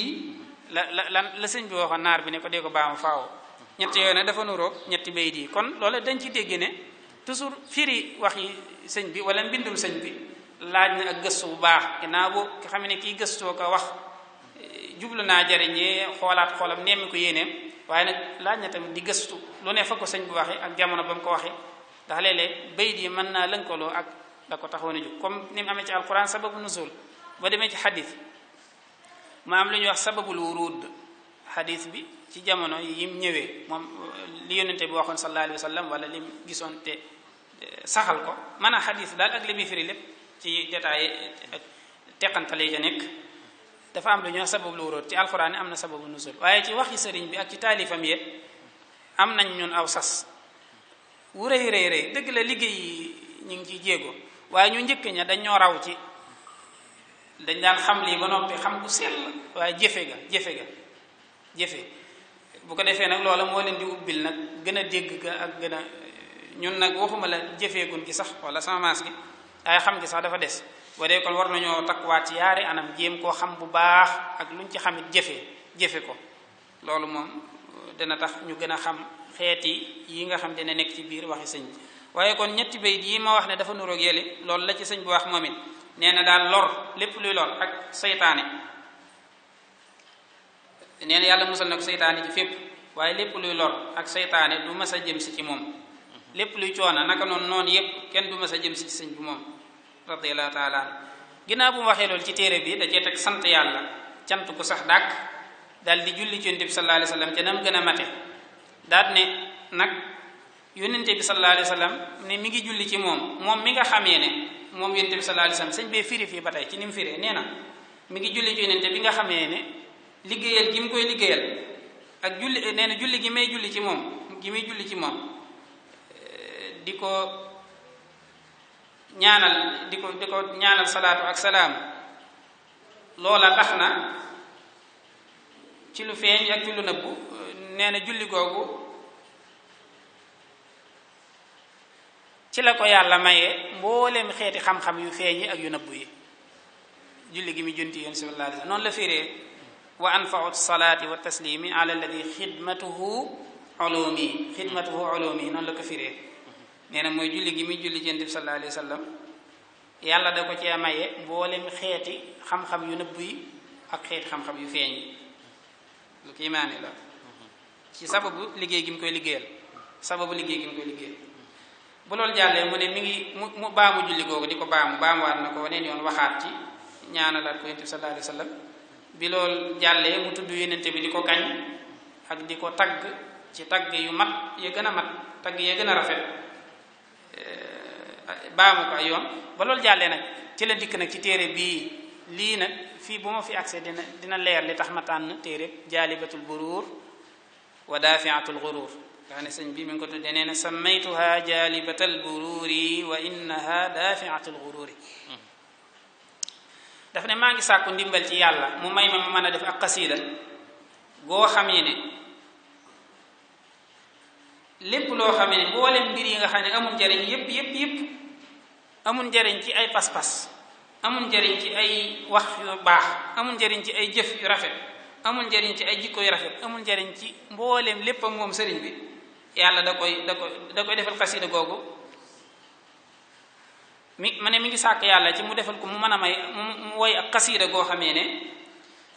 la la la la sëñ bi waxoon naar bi ne ko dee ko baamu faaw ñett yooyu nag dafa nuroog ñetti bay di kon loolu dañ ci dégg ne toujours firi wax yi sëñ bi wala mbindum sëñ bi laaj na ak gëstu bu baax ginnaaw boo xam ne kii ko wax jublu naa jariñee xoolaat xoolam nemmi ko yéeneem waaye nag laaj na tamit di gëstu lu ne fa ko sëñ bu waxee ak jamono ba mu ko waxee ndax léeg-léeg bayit yi mën naa lënkaloo ak la ko taxoon a jóg comme ni mu amee ci alquran sababu nuzul boo demee ci xadis mu am lu ñuy wax sababul wurud xadiis bi ci jamono yi mu ñëwee moom li yonente bi waxoon sallallahu alayhi wa sallam wala lim gisoon te saxal ko mën a xadis daal ak li muy firi lépp ci détaillé teqantale yi ca nekk dafa am lu ñoo sabab lu wóoroot ci alxuraan am na sababu nusul waaye ci waxi sëriñ bi ak ci taalifam yee am nañ ñun aw sas wu rëy rëy dëgg la liggéey yi ñu ngi ci jéego waaye ñu njëkk ña dañ ñoo raw ci dañ daan xam lii ba noppi xam ku sell waaye jëfe ga jëfe ga jëfe bu ko defee nag loola moo leen di ubbil nag gën a dégg ga ak gën a ñun nag waxuma la jëfeegun gi sax wala sama maas gi ay xam gi sax dafa des bu dee kon war nañoo yaari anam jëm ko xam bu baax ak luñ ci xamit jëfé jëfé ko loolu moom euh, dana tax ñu gën a xam xeeti yi nga xam dina nekk ci biir waxi sëñ waaye kon ñetti yi ma wax ne dafa nuro yële loolu la ci sëñ bu wax momit daal lor lépp luy lor ak seytaane nee na yàlla musal na ko seytaane ci fépp waaye lépp luy lor ak seytaane du mas a jëm si ci moom lépp luy coona naka noonu noonu yépp kenn du jëm ci sëñ bi moom radiallahu taala an ginnaaw bu mu waxee loolu ci téere bi da cee teg sant yàlla cant ko sax dàkk daal di julli ci yonent bi sallallahu alayhi wa nam gën a mate daat ne nag yónnente bi sallallahu alayhi wa sallam ne mi ngi julli ci moom moom mi nga xamee ne moom yónnente bi sa alayhi wa sallam sëñ bee firi fii ba tey ci ni mu firee na mi ngi julli ci yónnente bi nga xamee ne liggéeyal gi mu koy liggéeyal ak julli nee na julli gi may julli ci moom gi muy julli ci moom eh, di ko ñaanal di ko di ko ñaanal salaatu ak salaam loola tax na ci lu feeñ ak ci lu nëbb nee na julli googu ci la ko yàlla maye mbooleem xeeti xam-xam yu feeñ ak yu nëbb yi julli gi mi junti yoon sallallahu alayhi noonu la firee wa anfau salaati wa taslimi ala alladi xidmatuhu ulumi xidmatuhu ulumi noonu la ko firee nee na mooy julli gi muy julli ci yonent bi sallallahu alayhi wa yàlla da ko cee maye mboolem xeeti xam-xam yu nëbb yi ak xeeti xam-xam yu feeñ yi lu kiimaane la ci sababu liggéey gi mu koy liggéeyal sababu liggéey gi mu koy liggéeyal bu loolu jàllee mu ne mi ngi mu mu baa mu julli googu di ko baamu baamuwaat na ko waneen yoon waxaat ci ñaanalaat ko yonent bi sallallahu alayhi wa bi lool jàllee mu tudd yonent bi di ko kañ ak di ko tagg ci tagg yu mat ya gën a tagg ya gën a rafet baamako ay yoon ba loolu jàllee nag ci la dikk nag ci téere bii lii nag fii bu ma fi accès dina dina leer li tax ma tànn téere jaalibatul buruur wa daafiatul guruur nga ne sëñ bi mi ngi ko tuddee nee na sammaytuha jaalibatal buruuri wa innaha daafiatul guruuri daf ne maa ngi sàkku ndimbal ci yàlla mu may ma ma mën a def ak qasida goo xam ne lépp loo xamee ne mboolem mbir yi nga xam ne amul njariñ yépp yépp yépp amul njariñ ci ay pas-pas amul njariñ ci ay wax yu baax amul njariñ ci ay jëf yu rafet amul njariñ ci ay jikko yu rafet amul njariñ ci mbooleem lépp ak moom sëriñ bi yàlla da koy da koy da koy defal xasida googu mi ma ne mi ngi sàkk yàlla ci mu defal ko mu mën a may mu woy ak xasida goo xamee ne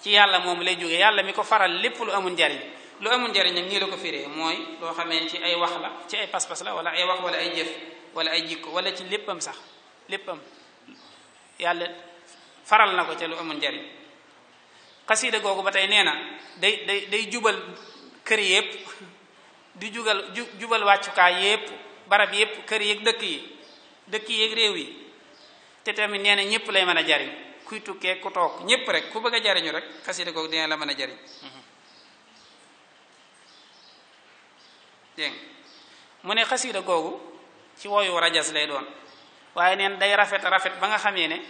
ci yàlla moom lay jóge yàlla mi ko faral lépp lu amul njariñ lu amul njariñ nag nii la ko firee mooy loo xamee ci ay wax la ci ay pas pass la wala ay wax wala ay jëf wala ay jikko wala ci leppam sax leppam yalla faral nako ci ca lu amul njariñ xasida googu ba na day day day jubal kër yépp di jugal jubal ka yépp barab yépp kër yeeg dëkk yi dëkk yeeg réew yi té tamit neena ñepp lay mëna a jariñ kuy tukkee ku tok ñepp rek ku bëgg jariñu rek xasida googu dina la mëna a dégg mu ne xasiida googu ci woyu rajas lay doon waaye neen day rafet rafet ba nga xamee ne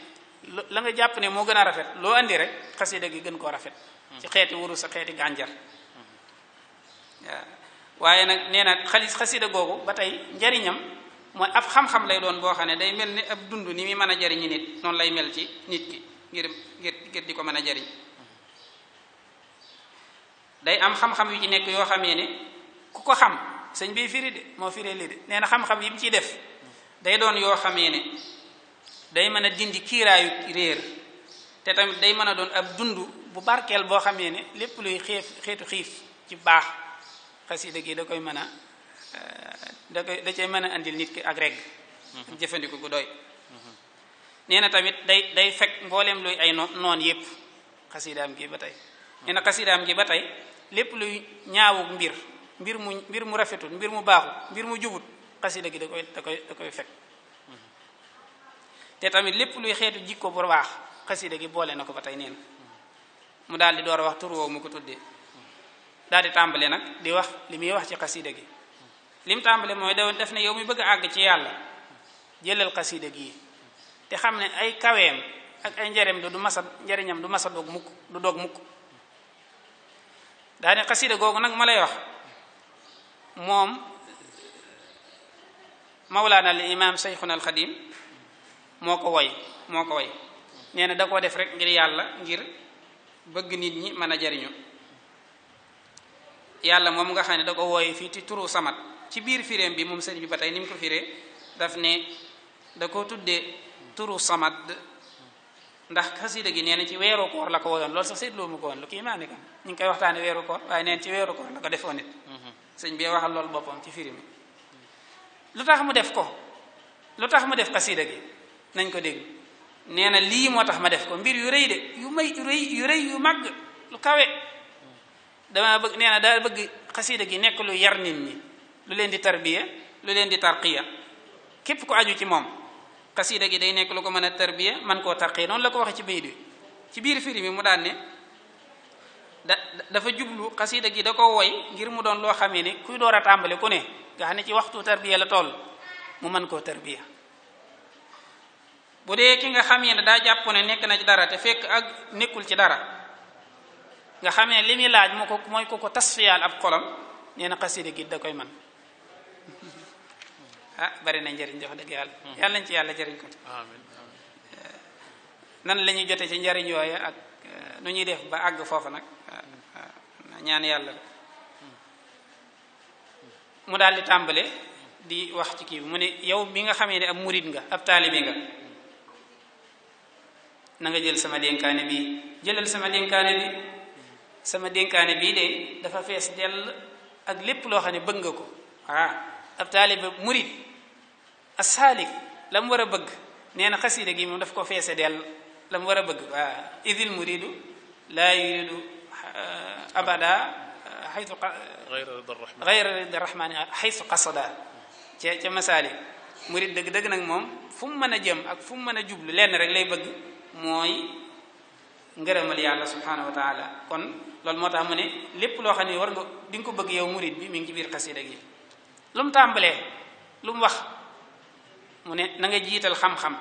la nga jàpp ne moo gën a rafet loo andi rek xasiida gi gën koo rafet hmm. ci xeeti wurus sa xeeti gànjar hmm. waaye nag nee na xalis xasida googu ba tey njariñam mooy ab xam-xam lay doon boo xam ne day mel ni ab dund ni muy mën a jariñi nit noonu lay mel ci nit ki ngir ngir ngir di ko mën a jariñ hmm. day am xam-xam yu ci nekk yoo xamee ne ku ko xam sëñ bi firi de moo firee lii de nee na xam-xam yi mu ciy def day doon yoo xamee ne day mën a dindi kiiraayu réer te tamit day mën a doon ab dund bu barkeel boo xamee ne lépp luy xeef xeetu xiif ci baax xasida gi da koy mën a eh, da koy da cay mën a andil nit ki ak regg mhm. doy nee na tamit day day fekk mbooleem luy ay noon yépp xasidaam gi ba tey nee na gi ba tey lépp luy ñaawuk mbir mbir mu mbir mu rafetul mbir mu baxu mbir mu jubut qasida gi da koy da koy da koy fek te tamit lepp luy xeetu jikko bu wax qasida gi bolé nako batay neen mu door wax turu wo mu ko di di wax limi wax ci qasida gi lim tambalé moy dawon def na yow mi bëgg ag ci yalla jëlal qasida gi te xamné ay kaweem ak ay njëriñam du massa njëriñam du massa dog mukk du dog mukk dani qasida nak malay wax moom mawlaana al imaam sayxuna al xadim moo ko woy moo ko woy nee na da koo def rek ngir yàlla ngir bëgg nit ñi mën a jariñu yàlla moom nga xam ne da ko woy fii ci turu samat ci biir firéem bi moom sëriñ bi ba tey ni mu ko firee daf ne da ko tuddee turu samat ndax xasida gi nee na ci weeru koor la ko woyoon loolu sax seetloo mu ko woon lu kii maa ne kan ñu ngi koy waxtaane weeru koor waaye neen ci weeru koor la ko defoo it sëñ bi waxal lol bopam ci firi lutax mu def ko lu mu def qasida gi nañ ko deg neena li motax ma def ko mbir yu reey de yu may reey yu reey yu mag lu kawe dama bëgg neena da bëgg qasida gi nek lu yar nit ñi lu leen di tarbiya lu leen di tarqiya kep ko aju ci mom qasida gi day nek lu ko mëna tarbiya man ko tarqiya non la ko waxe ci beedi ci bir mu daane da dafa jublu xasida gi da ko woy ngir mu doon loo xamee ni kuy door a tàmbale ku ne nga xam ne ci waxtu tarbiya la toll mu mën koo tarbiya bu dee ki nga xam xamee ne daa jàpp ne nekk na ci dara te fekk ak nekkul ci dara nga xamee li muy laaj moo ko mooy ko ko tasfiyaal ab xolam nee na xasida gi da koy man ah bari na njëriñ dox dëgg yàlla hmm. yàlla nañ ci yàlla jëriñ ko eh, nan lañuy ñuy jote ci njariñ yooyu ak eh, nu ñuy def ba àgg foofu nag ñaan yàlla mu daal di tàmbale di wax ci kii bi mu ne yow bi nga xamee ne ab murid nga ab taalibe nga na nga jël sama dénkaane bi jëlal sama dénkaane bi sama dénkaane bii de dafa fees dell ak lépp loo xam ne bëgg nga ko ah ab taalibe murid asaalik la mu war a bëgg nee na xasiida gi moom daf ko feese dell lam war a bëgg waaw ah, idil muridu laa yuridu أبدا حيث غير رضا الرحمن غير رضا الرحمن حيث قصدا ca masaali murid dëgg dëgg nag moom fu mu mën a jëm ak fu mu mën a jublu lenn rek lay bëgg mooy ngërëmal subhanahu wa taala kon lol motax tax mu ne lépp loo xam war nga di nga ko bëgg yow murid bi mi ngi ci biir xasida gi lum tambalé lum wax mu ne na nga jital xam-xam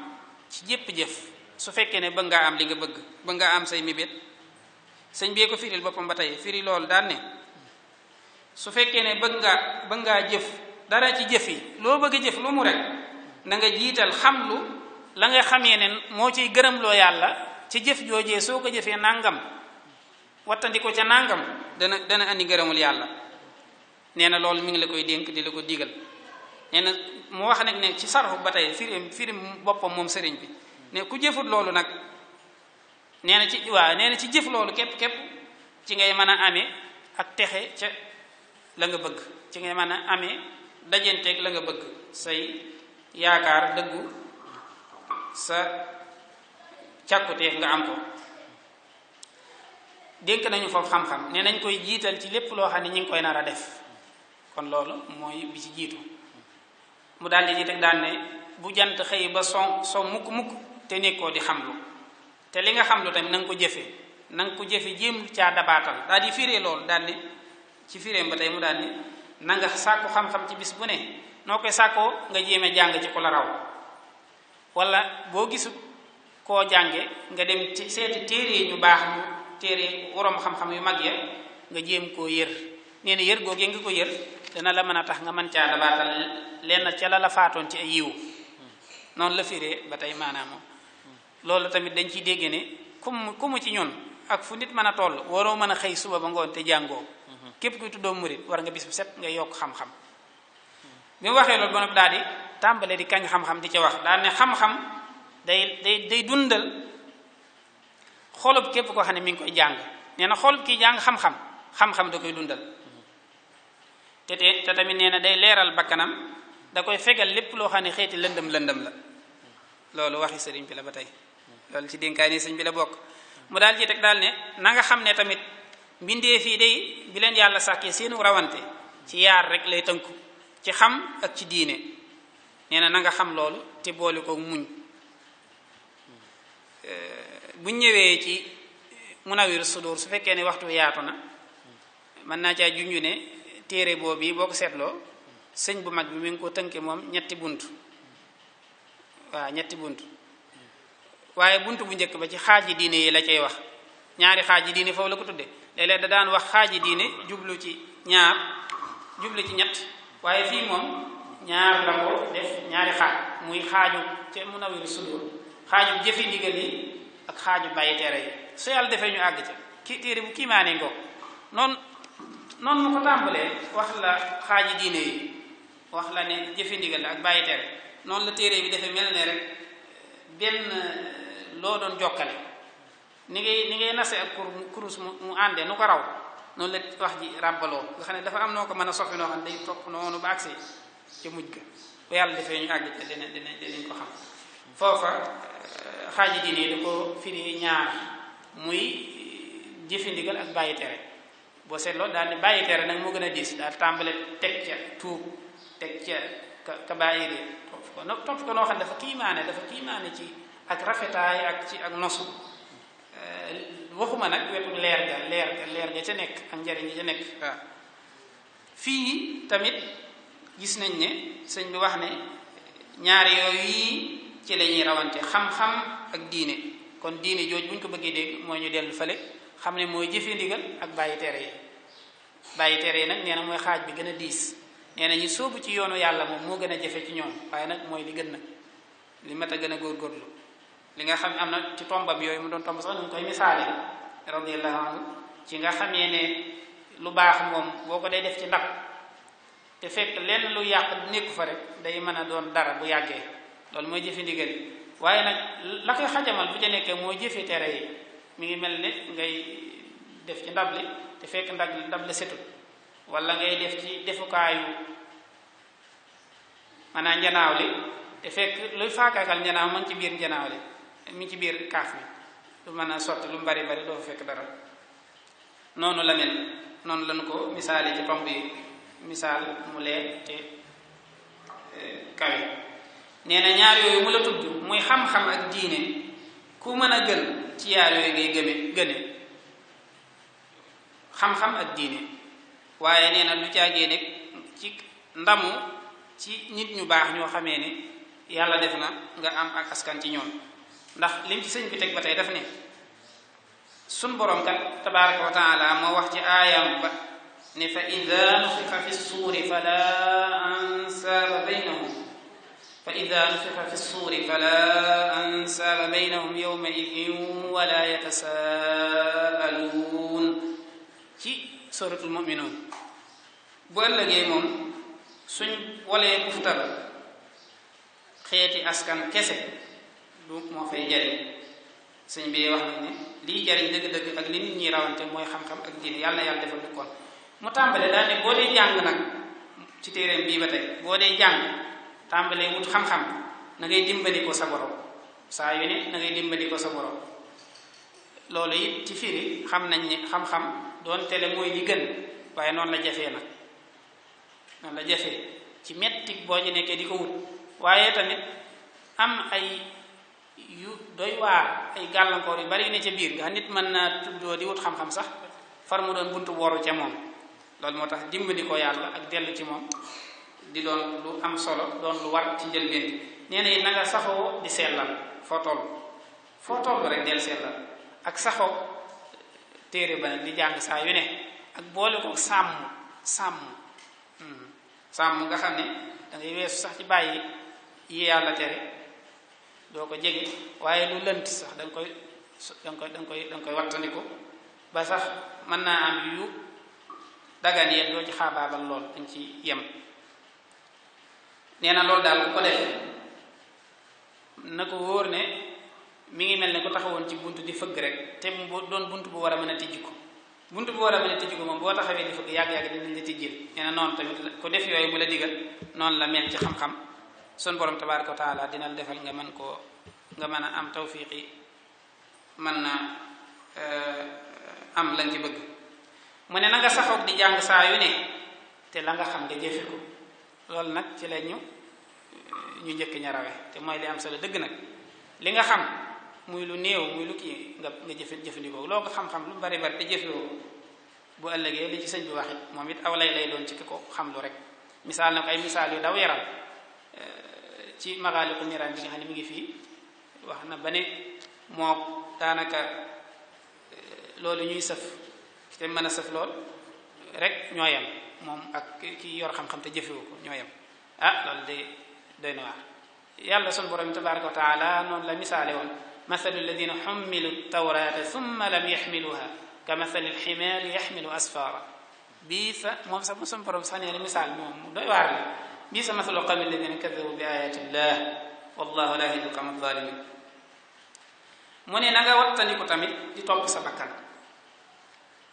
ci jep jef su fekke ne bëgg nga am li nga bëgg bëgg nga am say mibet sëñ bee ko firil boppam ba tey firi loolu daan ne su fekkee ne bëgg nga bëgg ngaa jëf dara ci jëf yi loo bëgg a jëf lu mu rek na nga jiital xam lu la nga xamee ne moo ciy gërëm loo yàlla ci jëf joojee soo ko jëfee nàngam wattandi ko ca nàngam dana dana indi gërëmul yàlla nee na loolu mu ngi la koy dénk di la ko digal nee na mu wax nag ne ci sarxu ba tey firim firim boppam moom sëriñ bi ne ku jëfut loolu nag nee na ci wa nee na ci jëf loolu képp képp ci ngay mën a amee ak texe ca la nga bëgg ci ngay mën a amee dajenteeg la nga bëgg say yaakaar dëggu sa càkkuteef nga am ko dénk nañu foofu xam-xam ne nañ koy jiital ci lépp loo xam ne ñi ngi koy nar a def kon loolu mooy bi ci jiitu mu daal di teg daan ne bu jant xëy ba son son mukk mukk te nekkoo di xamlu te li nga xam lu tamit nanga ko jëfe nanga ko jëfe jéem caa dabaatal daal di firee loolu daal ni ci firéem ba tey mu daal ni na nga sàkku xam-xam ci bis bu ne noo koy sàkkoo nga jéem a jàng ci ku la raw walla boo gisu koo jànge nga dem ci seeti téere ñu baax ñu téere woroom xam-xam yu mag ya nga jéem koo yër nee na yër googee nga ko yër dana la mën a tax nga mën caa dabaatal lenn ca la la faatoon ci ay yiw noonu la firee ba tey maanaam loolu tamit dañ ciy dégg ni ku mu ci ñun ak fu nit mën a toll waroo mën a xëy suba ba ngoon te jàngoo mhm. képp kuy tuddoo murit war nga bis bu set nga yokk xam-xam bi mu waxee loolu ba noppi daal di tàmbale di kañ xam-xam di ca wax daal ne xam-xam day day day dundal xolub képp koo xam ne mi ngi koy jàng nee na xolub kii jàng xam-xam xam-xam da koy dundal mhm. te te tamit nee na day leeral bakkanam da koy fegal lépp loo xam ne xeeti lëndëm lëndëm la mhm. loolu waxi sëriñ la ba tey loolu ci dénkaane sëñ bi la bokk mu daal ci teg daal ne na xam ne tamit mbindee fii day bi leen yàlla sàkkee seenu rawante ci yaar rek lay tënku ci xam ak ci diine nee nanga xam loolu te boole ko muñ eh, buñ ñëwee ci munawir sudur su fekkee ne waxtu yaatu na mën naa caa junju ne téere boobu yi boo ko seetloo sëñ bu mag bi mi ngi ko tënke moom ñetti bunt waaw ñetti bunt waaye bunt bu njëkk ba ci xaaj xaaji diine yi la cay wax ñaari xaaj yi diine foofu la ko tudde léeg-léeg da daan wax xaaji diine jublu ci ñaar jublu ci ñett waaye fii moom ñaar la ko def ñaari xaaj muy xaaju te mu nawiru sudur xaaju jëfi ndigal yi ak xaaju bàyyi tere yi su yàlla defee ñu àgg ca ki téere bu kii maanee ngoog noonu noonu mu ko tàmbalee wax la xaaji diine yi wax la ne jëfi ndigal la ak bàyyi tere noonu la téere bi defee mel ne rek benn loo doon jokkale ni ngay ni ngay nase ak kurus mu mu ànde nu ko raw noonu la wax ji ràbbaloo xam ne dafa am noo ko mën a soppi noo xam ne day topp noonu ba ca mujj ga bu yàlla eh, xaaji diine ko firi ñaar muy jëfi ak bàyyi tere daal ni bàyyi tere nag moo gën a diis daal tàmbale teg ca tuub teg ca ka ka bàyyi de topp ko noo xam ne dafa kiimaane dafa kiimaane ci ak rafetaay ak ci ak nosu eh, waxuma nag wetu leer ga leer ga leer ga ca nekk ak njariñ ga ca nekk fii tamit gis nañ ne sëñ bi wax ne ñaar yooyu yi ci lañuy ñuy rawante xam-xam ak diine kon diine jooj bu ñu ko bëggee dégg mooy ñu dellu fële xam ne mooy jëfe ndigal ak bàyyi tere yi bàyyi tere yi nag nee na mooy xaaj bi gën a diis nee na ñu sóobu ci yoonu yàlla moom moo gën a jafe ci ñoom waaye nag mooy li gën nag li mat a gën a góor góorgóorlu li nga xam am na ci tombam yooyu mu doon tomb sax nu ngi koy misaale radiallahu anhu ci nga xamee ne lu baax moom boo ko dee def ci ndab te fekk lenn lu yàq nekk fa rek day mën a doon dara bu yàggee loolu mooy jëfi ndigal waaye nag la koy xajamal bu ca nekkee mooy jëfi tere yi mi ngi mel ne ngay def ci ndab li te fekk ndab li ndab la setut walla ngay def ci defukaayu maanaam njanaaw li te fekk luy faakaagal njanaaw man ci biir njanaaw li mi ci biir kaaf bi lu mën a sotti lu mu bari bari doo fekk dara noonu la mel noonu lañu ko misaale ci tomb yi misaal mu leer te eh, kawe nee ñaar yooyu mu la tudd muy xam-xam ak diine ku mën a gën ci yaar yooyu ngay gëme gëne xam-xam ak diine waaye nee lu caagee nekk ci ndamu ci nit ñu baax ñoo xamee ne yàlla def na nga am ak askan ci ñoom ndax lim ci sëñ bi tek batay tey daf ne sun borom kat tabaraka wa taala mo wax ci ayam ba ne fa idha nufikha fi s-suri fala bainahum fa idha nufikha fi s-suri fala في bainahum yawma idhin wa la yatasaalun ci suratul mu'minun bu بولا mom suñ walé يكفتر خيتي askan kessé du moo fay jariñ sëñ bi wax nañ ne lii jariñ dëgg-dëgg ak li nit ñi rawante mooy xam-xam ak diine yàlla yàlla defal ñu kon mu tàmbale daal ne boo dee jàng nag ci téeree bii ba tey boo dee jàng tàmbalee wut xam-xam na ngay dimbali ko sa borom saa yu ne na dimbali ko sa borom loolu it ci firi xam nañ ne xam-xam doon tele mooy li gën waaye noonu la jafe nag noon la jafe ci mettik boo ñu nekkee di ko wut waaye tamit am ay yu doy waar ay gàllankoor yu bari ne ca biir nga nit mën naa tuddoo di wut xam-xam sax far mu doon buntu woru ca moom loolu moo tax dimbali ko yàlla ak dellu ci moom di doon lu am solo doon lu war ci njëlbeen nee na it nga saxoo di sellal foo toll foo toll rek del sellal ak saxoo téere ba di jàng saa yu ne ak boole ko sàmm sàmm hmm. sàmm nga xam ne da ngay weesu sax ci bàyyi yi yàlla tere doo ko jege waaye lu lënt sax da nga koy da nga koy da nga koy da nga koy ba sax mën naa am yu dagan yéen doo ci xaabaabal lool dañ ci yem nee na loolu daal ku ko def na ko wóor ne mi ngi mel ne ku taxawoon ci bunt di fëgg rek te mu doon bunt bu war a mën a tijji ko bunt bu war a mën a tijji ko moom boo taxawee di fëgg yàgg-yàgg dinañ la tijjil nee na noonu tamit ku def yooyu mu la digal noonu la mel ci xam-xam sun borom tabaraka wa taala dina la defal nga mën koo nga mën a am tawfiqi mën na eh, am lañ ci bëgg mu ne na saxoog di jàng saa yu ne te la nga xam nga jëfe ko loolu nag ci la ñu ñu njëkk ña rawe te mooy li am solo dëgg nag li nga xam muy lu néew muy lu kii nga nga jëfe jëfandikoo loo ko xam-xam lu bari bari te jëfewoo bu ëllëgee li ci sëñ bi wax moom it aw lay lay doon ci ki ko xam lu rek misaal na ko ay misaal yu daw yaram ci magaaliku miraan bi nga xam ne mi ngi fii wax na ba ne moo daanaka loolu ñuy sëf te mën a sëf lool rek ñoo yem moom ak ki yor xam-xam te jëfewu ko ñoo yem ah loolu de doy na waar yàlla sun borom tabaraka wa taala noonu la misaale woon مثل الذين حملوا التوراة ثم لم يحملوها كمثل الحمار يحمل أسفارا bii sa moom sax mu sun borom sax nee na misaal moom doy waar la بيس مثل القوم الذين كذبوا بآيات الله والله لا يهدي القوم الظالمين mu نغا واتاني كو wattandi دي tamit di topp sa bakkan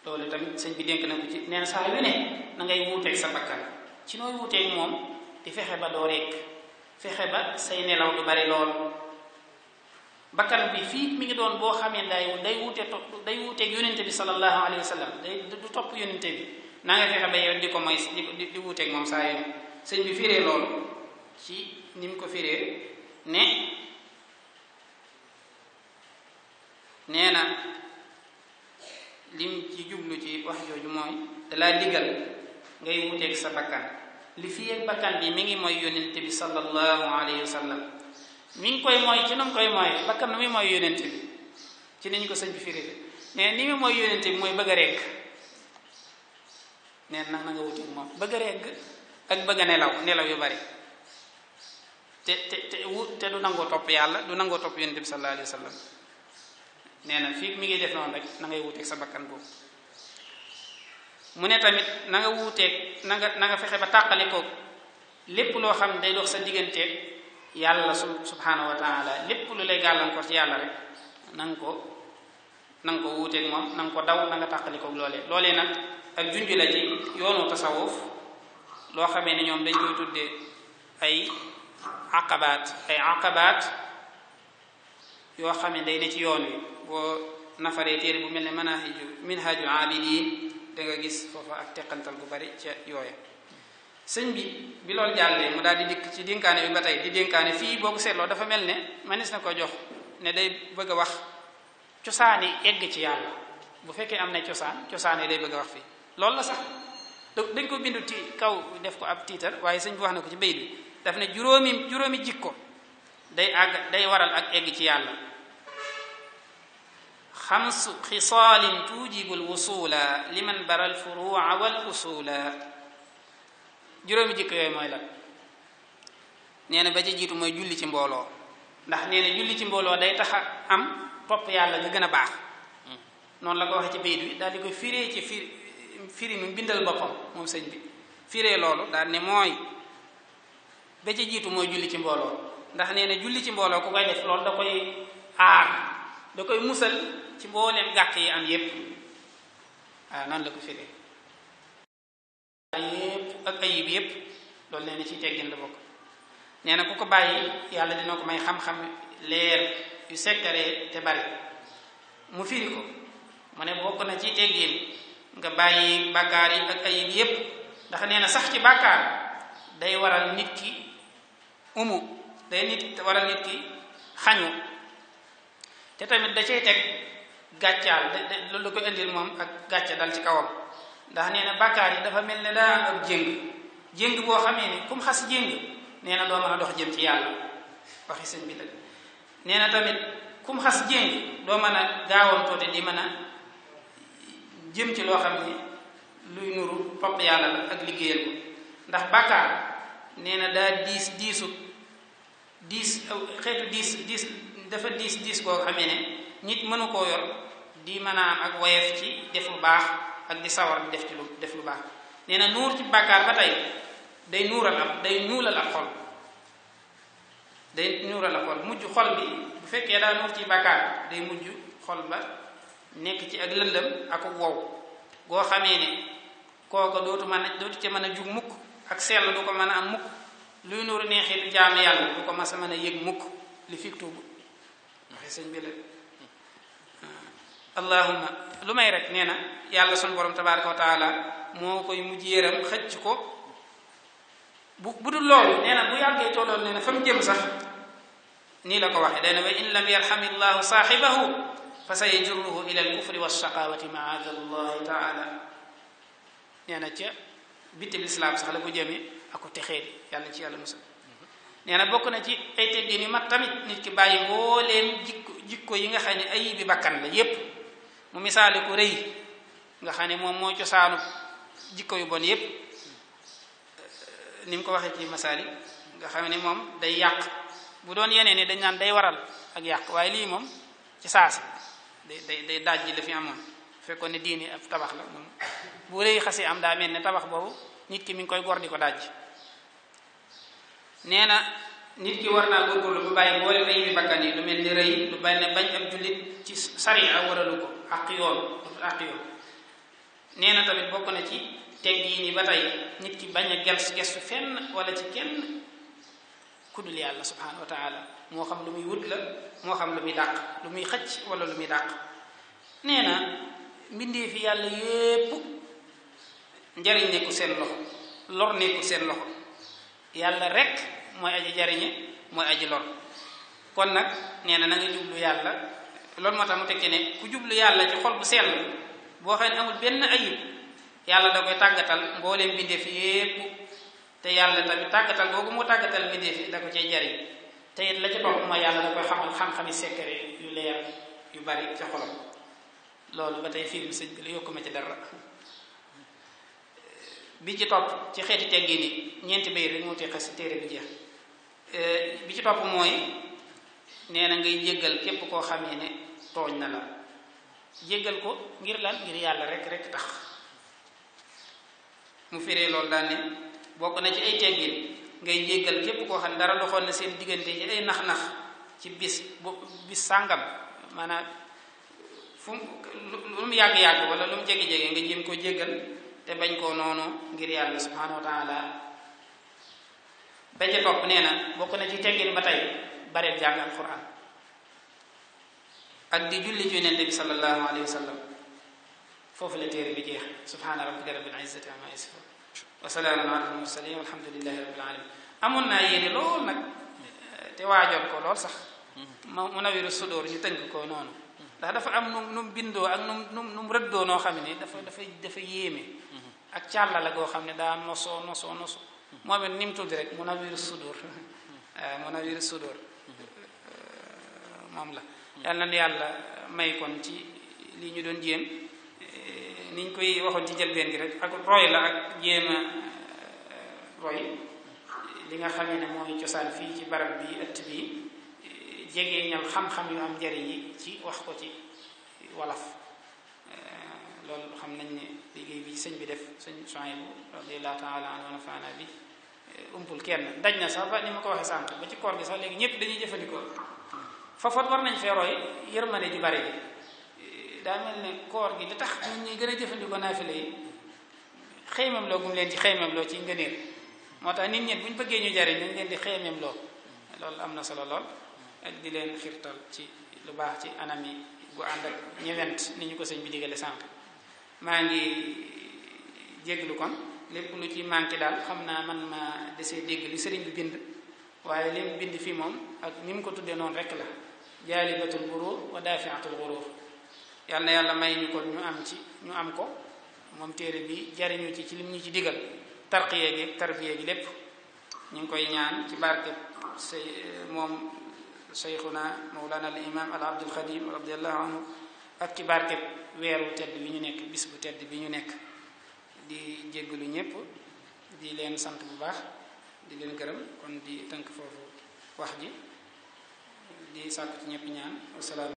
loolu tamit sëñ bi dénk na ko ci neen saa yu ne na ngay wuuteeg sa bakkan ci nooy wuuteeg moom di fexe ba doo rekk fexe say nelaw du bari lool bakkan bi fi mi ngi doon boo xamee day day wuté top day wuté ak yonente bi sallallahu alayhi wasallam day du top yonente bi na nga fexe ba yow diko moy di wuté ak mom saa yoon sëñ bi firee loolu ci ni mu ko firee ne nee na lim ci jublu ci wax jooju mooy dalaa digal ngay wuteeg sa bakkan li fiyeeg bakkan bi mi ngi mooy yónent bi sallallahu alayhi wa sallam mi ngi koy mooy ci nam mooy bakkan na muy mooy yónent bi ci nañu ko sëñ bi firee nee ni mu mooy yónent bi mooy bëgg a rekk neen nag na nga wuteeg moom bëgg a rekk ak bëgg a nelaw nelaw yu bari te te te wu te du nangoo topp yàlla du nangoo topp yonent bi sallallahu alayhi wa sallam nee na fii mi ngi na ngay wuuteeg sa bakkan boobu mu ne tamit nanga nga wuuteeg na nga fexe ba tàqalikoo lépp loo xam ne day dox sa digganteeg yàlla su subhanahu wa taala lépp lu lay gàllankoor ci yàlla rek na ko na ko wuuteeg moom na nga ko daw na nga tàqalikoog loolee loolee nag ak junj la yoonu tasawuf loo xamee ne ñoom dañ koy tuddee ay aqabaat ay aqabaat yoo xam ne day ne ci yoon wi boo nafaree téere bu mel ne manaaxiju minhaaju aabidin da nga gis foofa ak teqantal gu bëri ca yooya sëñ bi bi loolu jàllee mu daal di dikk ci dinkaane bi ba tey di dinkaane fii boo ko seetloo dafa mel ne manis na ko jox ne day bëgg a wax cosaani egg ci yàlla bu fekkee am ne cosaan cosaane day bëgg a wax fii loolu la sax dañ ko bindu ti kaw def ko ab tiitar waaye sañ bi wax na ko ci bayt bi daf ne juróomi juróomi jikko day àgg day waral ak egg ci yàlla xamsu xisaalin tuujibul wusula liman baral furuwa wal usula juróomi jikko yooyu mooy la nee na ba ci jiitu mooy julli ci mbooloo ndax nee na julli ci mbooloo day tax am topp yàlla nga gën a baax mm-hmm. noonu la ko waxee ci bayt bi daal di ko firee ci fir firi mu bindal boppam moom sëñ bi firee loolu daal ne mooy ba jiitu mooy julli ci mbooloo ndax nee na julli ci mbooloo ku koy def loolu da koy aar da koy musal ci mbooleem gàkk yi am yépp waaw noonu la ko firee yépp ak ayib yépp loolu nee ci teggin la bokk nee na ku ko bàyyi yàlla dina ko may xam-xam leer yu sekkaree te bari mu firi ko mu ne bokk na ci teggin nga bàyyi bàkkaar yi ak ayib yépp ndax nee na sax ci bàkkaar day waral nit ki umu day nit waral nit ki xañu te tamit da cay teg gàccaal lu ko indil moom ak gàcca dal ci kawam ndax nee na bàkkaar yi dafa mel ne daa am ak jéng jéng boo xamee ne kum xas jéng nee na doo mën a dox jëm ci yàlla waxi sëñ bi la nee na tamit kum xas jéng doo mën a gaawoon toote di mën a jëm ci loo xam ni luy nuru pop yàlla la ak liggéeyal ko ndax bàkkaar nee na daa diis diisu diis xeetu diis diis dafa diis diis koo xamee ne nit mënu koo yor di mën a am ak woyef ci def lu baax ak di sawar di def ci lu def lu baax nee na nuur ci bàkkaar ba tey day nuural ak day ñuulal ak xol day nuural ak xol mujj xol bi bu fekkee daa nuur ci bàkkaar day mujj xol ba nekk ci ak lëndëm ak wow goo xamee ne kooka dootu mën a dootu ci mën a jug mukk ak sell du ko mën a am mukk luy nuru neexit jaam yàlla du ko mas a mën a yëg mukk li fi tuubu waxee sëñ bi la lu may rek nee na yàlla sunu borom tabaraka wa taala moo koy mujj yëram xëcc ko bu bu dul loolu nee na bu yàggee tolloon nee na fa mu jëm sax nii la ko waxee day na wa in lam yarxamillahu saaxibahu fa sa yajurruhu ila alkufri walshaqawati maada allahi taala nee na ca bitti bi lislaam sax la ko jëmee aku texee yàlla ci yàlla musal nee na bokk na ci ay teggin yu ma tamit nit ki bàyyi mbooleem jikko jikko yi nga xam ne ay bi bakkan la yépp mu misaali ko rëy nga xam ne moom moo cosaanu jikko yu bon yépp ni ko waxee ci nga xam ne moom day yàq bu doon yeneen ni dañ naan day waral ak yàq waaye lii moom ci saasi day day daaj ji la fi amoon bu fekkoon ne diine ab tabax la moom bu rëy xasee am daa mel ni tabax boobu nit ki mi ngi koy gor di ko daaj nee na nit ki war naa góorgóorlu bu bàyyi boole rëy bi bakkan yi lu mel ni rëy lu bàyyi ne bañ ab jullit ci sariya waralu ko ak yoon ak yoon nee na tamit bokk na ci teg ba tey nit ki bañ a gers gestu fenn wala ci kenn kudul Allah subhanahu wa taala mo xam lu muy wut la mo xam lu muy dak lu muy xecc wala lu muy dak neena mbinde fi yàlla yépp njariñ ko sen loxo lor ko sen loxo Yalla rek moy aji jariñe moy aji lor kon nak neena na nga jublu yalla loolu moo mu tekki ku jublu yalla ci xol bu sel bo xam amul ben ayib yalla da koy tagatal mbolem fi te yàlla tamit tàggatal googu mu tàggatal mi def da ko cay jariñ te it la ca topp mooy yàlla da koy xamal xam-xami sekkare yu leer yu bari ca xolam loolu ba tey film sëñ bi yokkuma ci dara bi ci topp ci xeeti teggii ni ñeenti bay rek moo ci xas téere bi jeex euh, bi ci topp mooy nee na ngay jéggal képp koo xamee ne tooñ na la jéggal ko ngir lan ngir yàlla rek rek tax mu firee loolu daal bokk na ci ay teggin ngay jéggal képp koo xam ne dara doxoon na seen diggante ci ay nax-nax ci bis bu bis sàngam maanaam fu lu mu yàgg-yàgg wala lu mu jege-jege nga jéem koo jéggal te bañ koo noonu ngir yàlla subhanahu wa taala ba ca na bokk na ci teggin ba tey bareel jàng alquran ak di julli ci yonente bi sallallahu alayhi wa foofu la téere bi jeex subhana rabbika rabbil izzati amma yasifun wasalaamun ala almursalin walhamdulillahi rabbil alamin amoon naa yéene lool nag te waajoon ko lool sax ma mu nawiru sudoor ñu tënk ko noonu ndax dafa am num nu mu bindoo ak num num nu mu rëddoo noo xam ne dafa dafa dafa yéeme ak càlla la goo xam ne daa nosoo nosoo nosoo moom it ni mu tudd rek mu nawiru sudoor mu nawiru sudoor moom la yàlla na yàlla may kon ci li ñu doon jéem ni ñu koy waxoon ci njëlbeen gi rek ak roy la ak jéem a roy li nga xamee ne mooy cosaan fii ci barab bi ëtt bi jegeeñal xam-xam yu am njariñ yi ci wax ko ci wolof loolu xam nañ ne liggéey bi sëñ bi def sëñ Suhaybu radiyallahu taala anhu wa nafaana bi umpul kenn daj na sax ba ni ma ko waxee sànq ba ci koor gi sax léegi ñëpp dañuy jëfandikoo fafot war nañ fee roy yërmande ju bare ji daa mel ne koor gi li tax ñun ñuy gën a jëfandikoo naafila yi xëymam loo gum leen ci xëymam loo ci ngëneel moo tax nit ñet bu ñu bëggee ñu jariñ leen di xëymam loo loolu am na solo lool ak di leen xirtal ci lu baax ci anam yi gu ànd ak ñëwent ñu ko sëñ bi digale sànq maa ngi jéglu kon lépp lu ci manqué daal xam naa man ma desee dégg li sëriñ bi bind waaye li bind fii moom ak ni mu ko tuddee noonu rek la jaalibatul buruur wa daafiatul xuruur yal na may ñu ko ñu am ci ñu am ko mom téré bi jariñu ci ci lim ñu ci digal tarqiya gi tarbiya gi lepp ñing koy ñaan ci barke sey moom sayxuna mawlana al imam al abdul xadim radiallahu anhu ak ci barke wéru tedd bi ñu nekk bis bu tedd bi ñu nekk di jéggulu ñepp di leen sant bu baax di leen gërëm kon di tënk fofu wax ji di sàkk ci ñépp ñaan wasalaam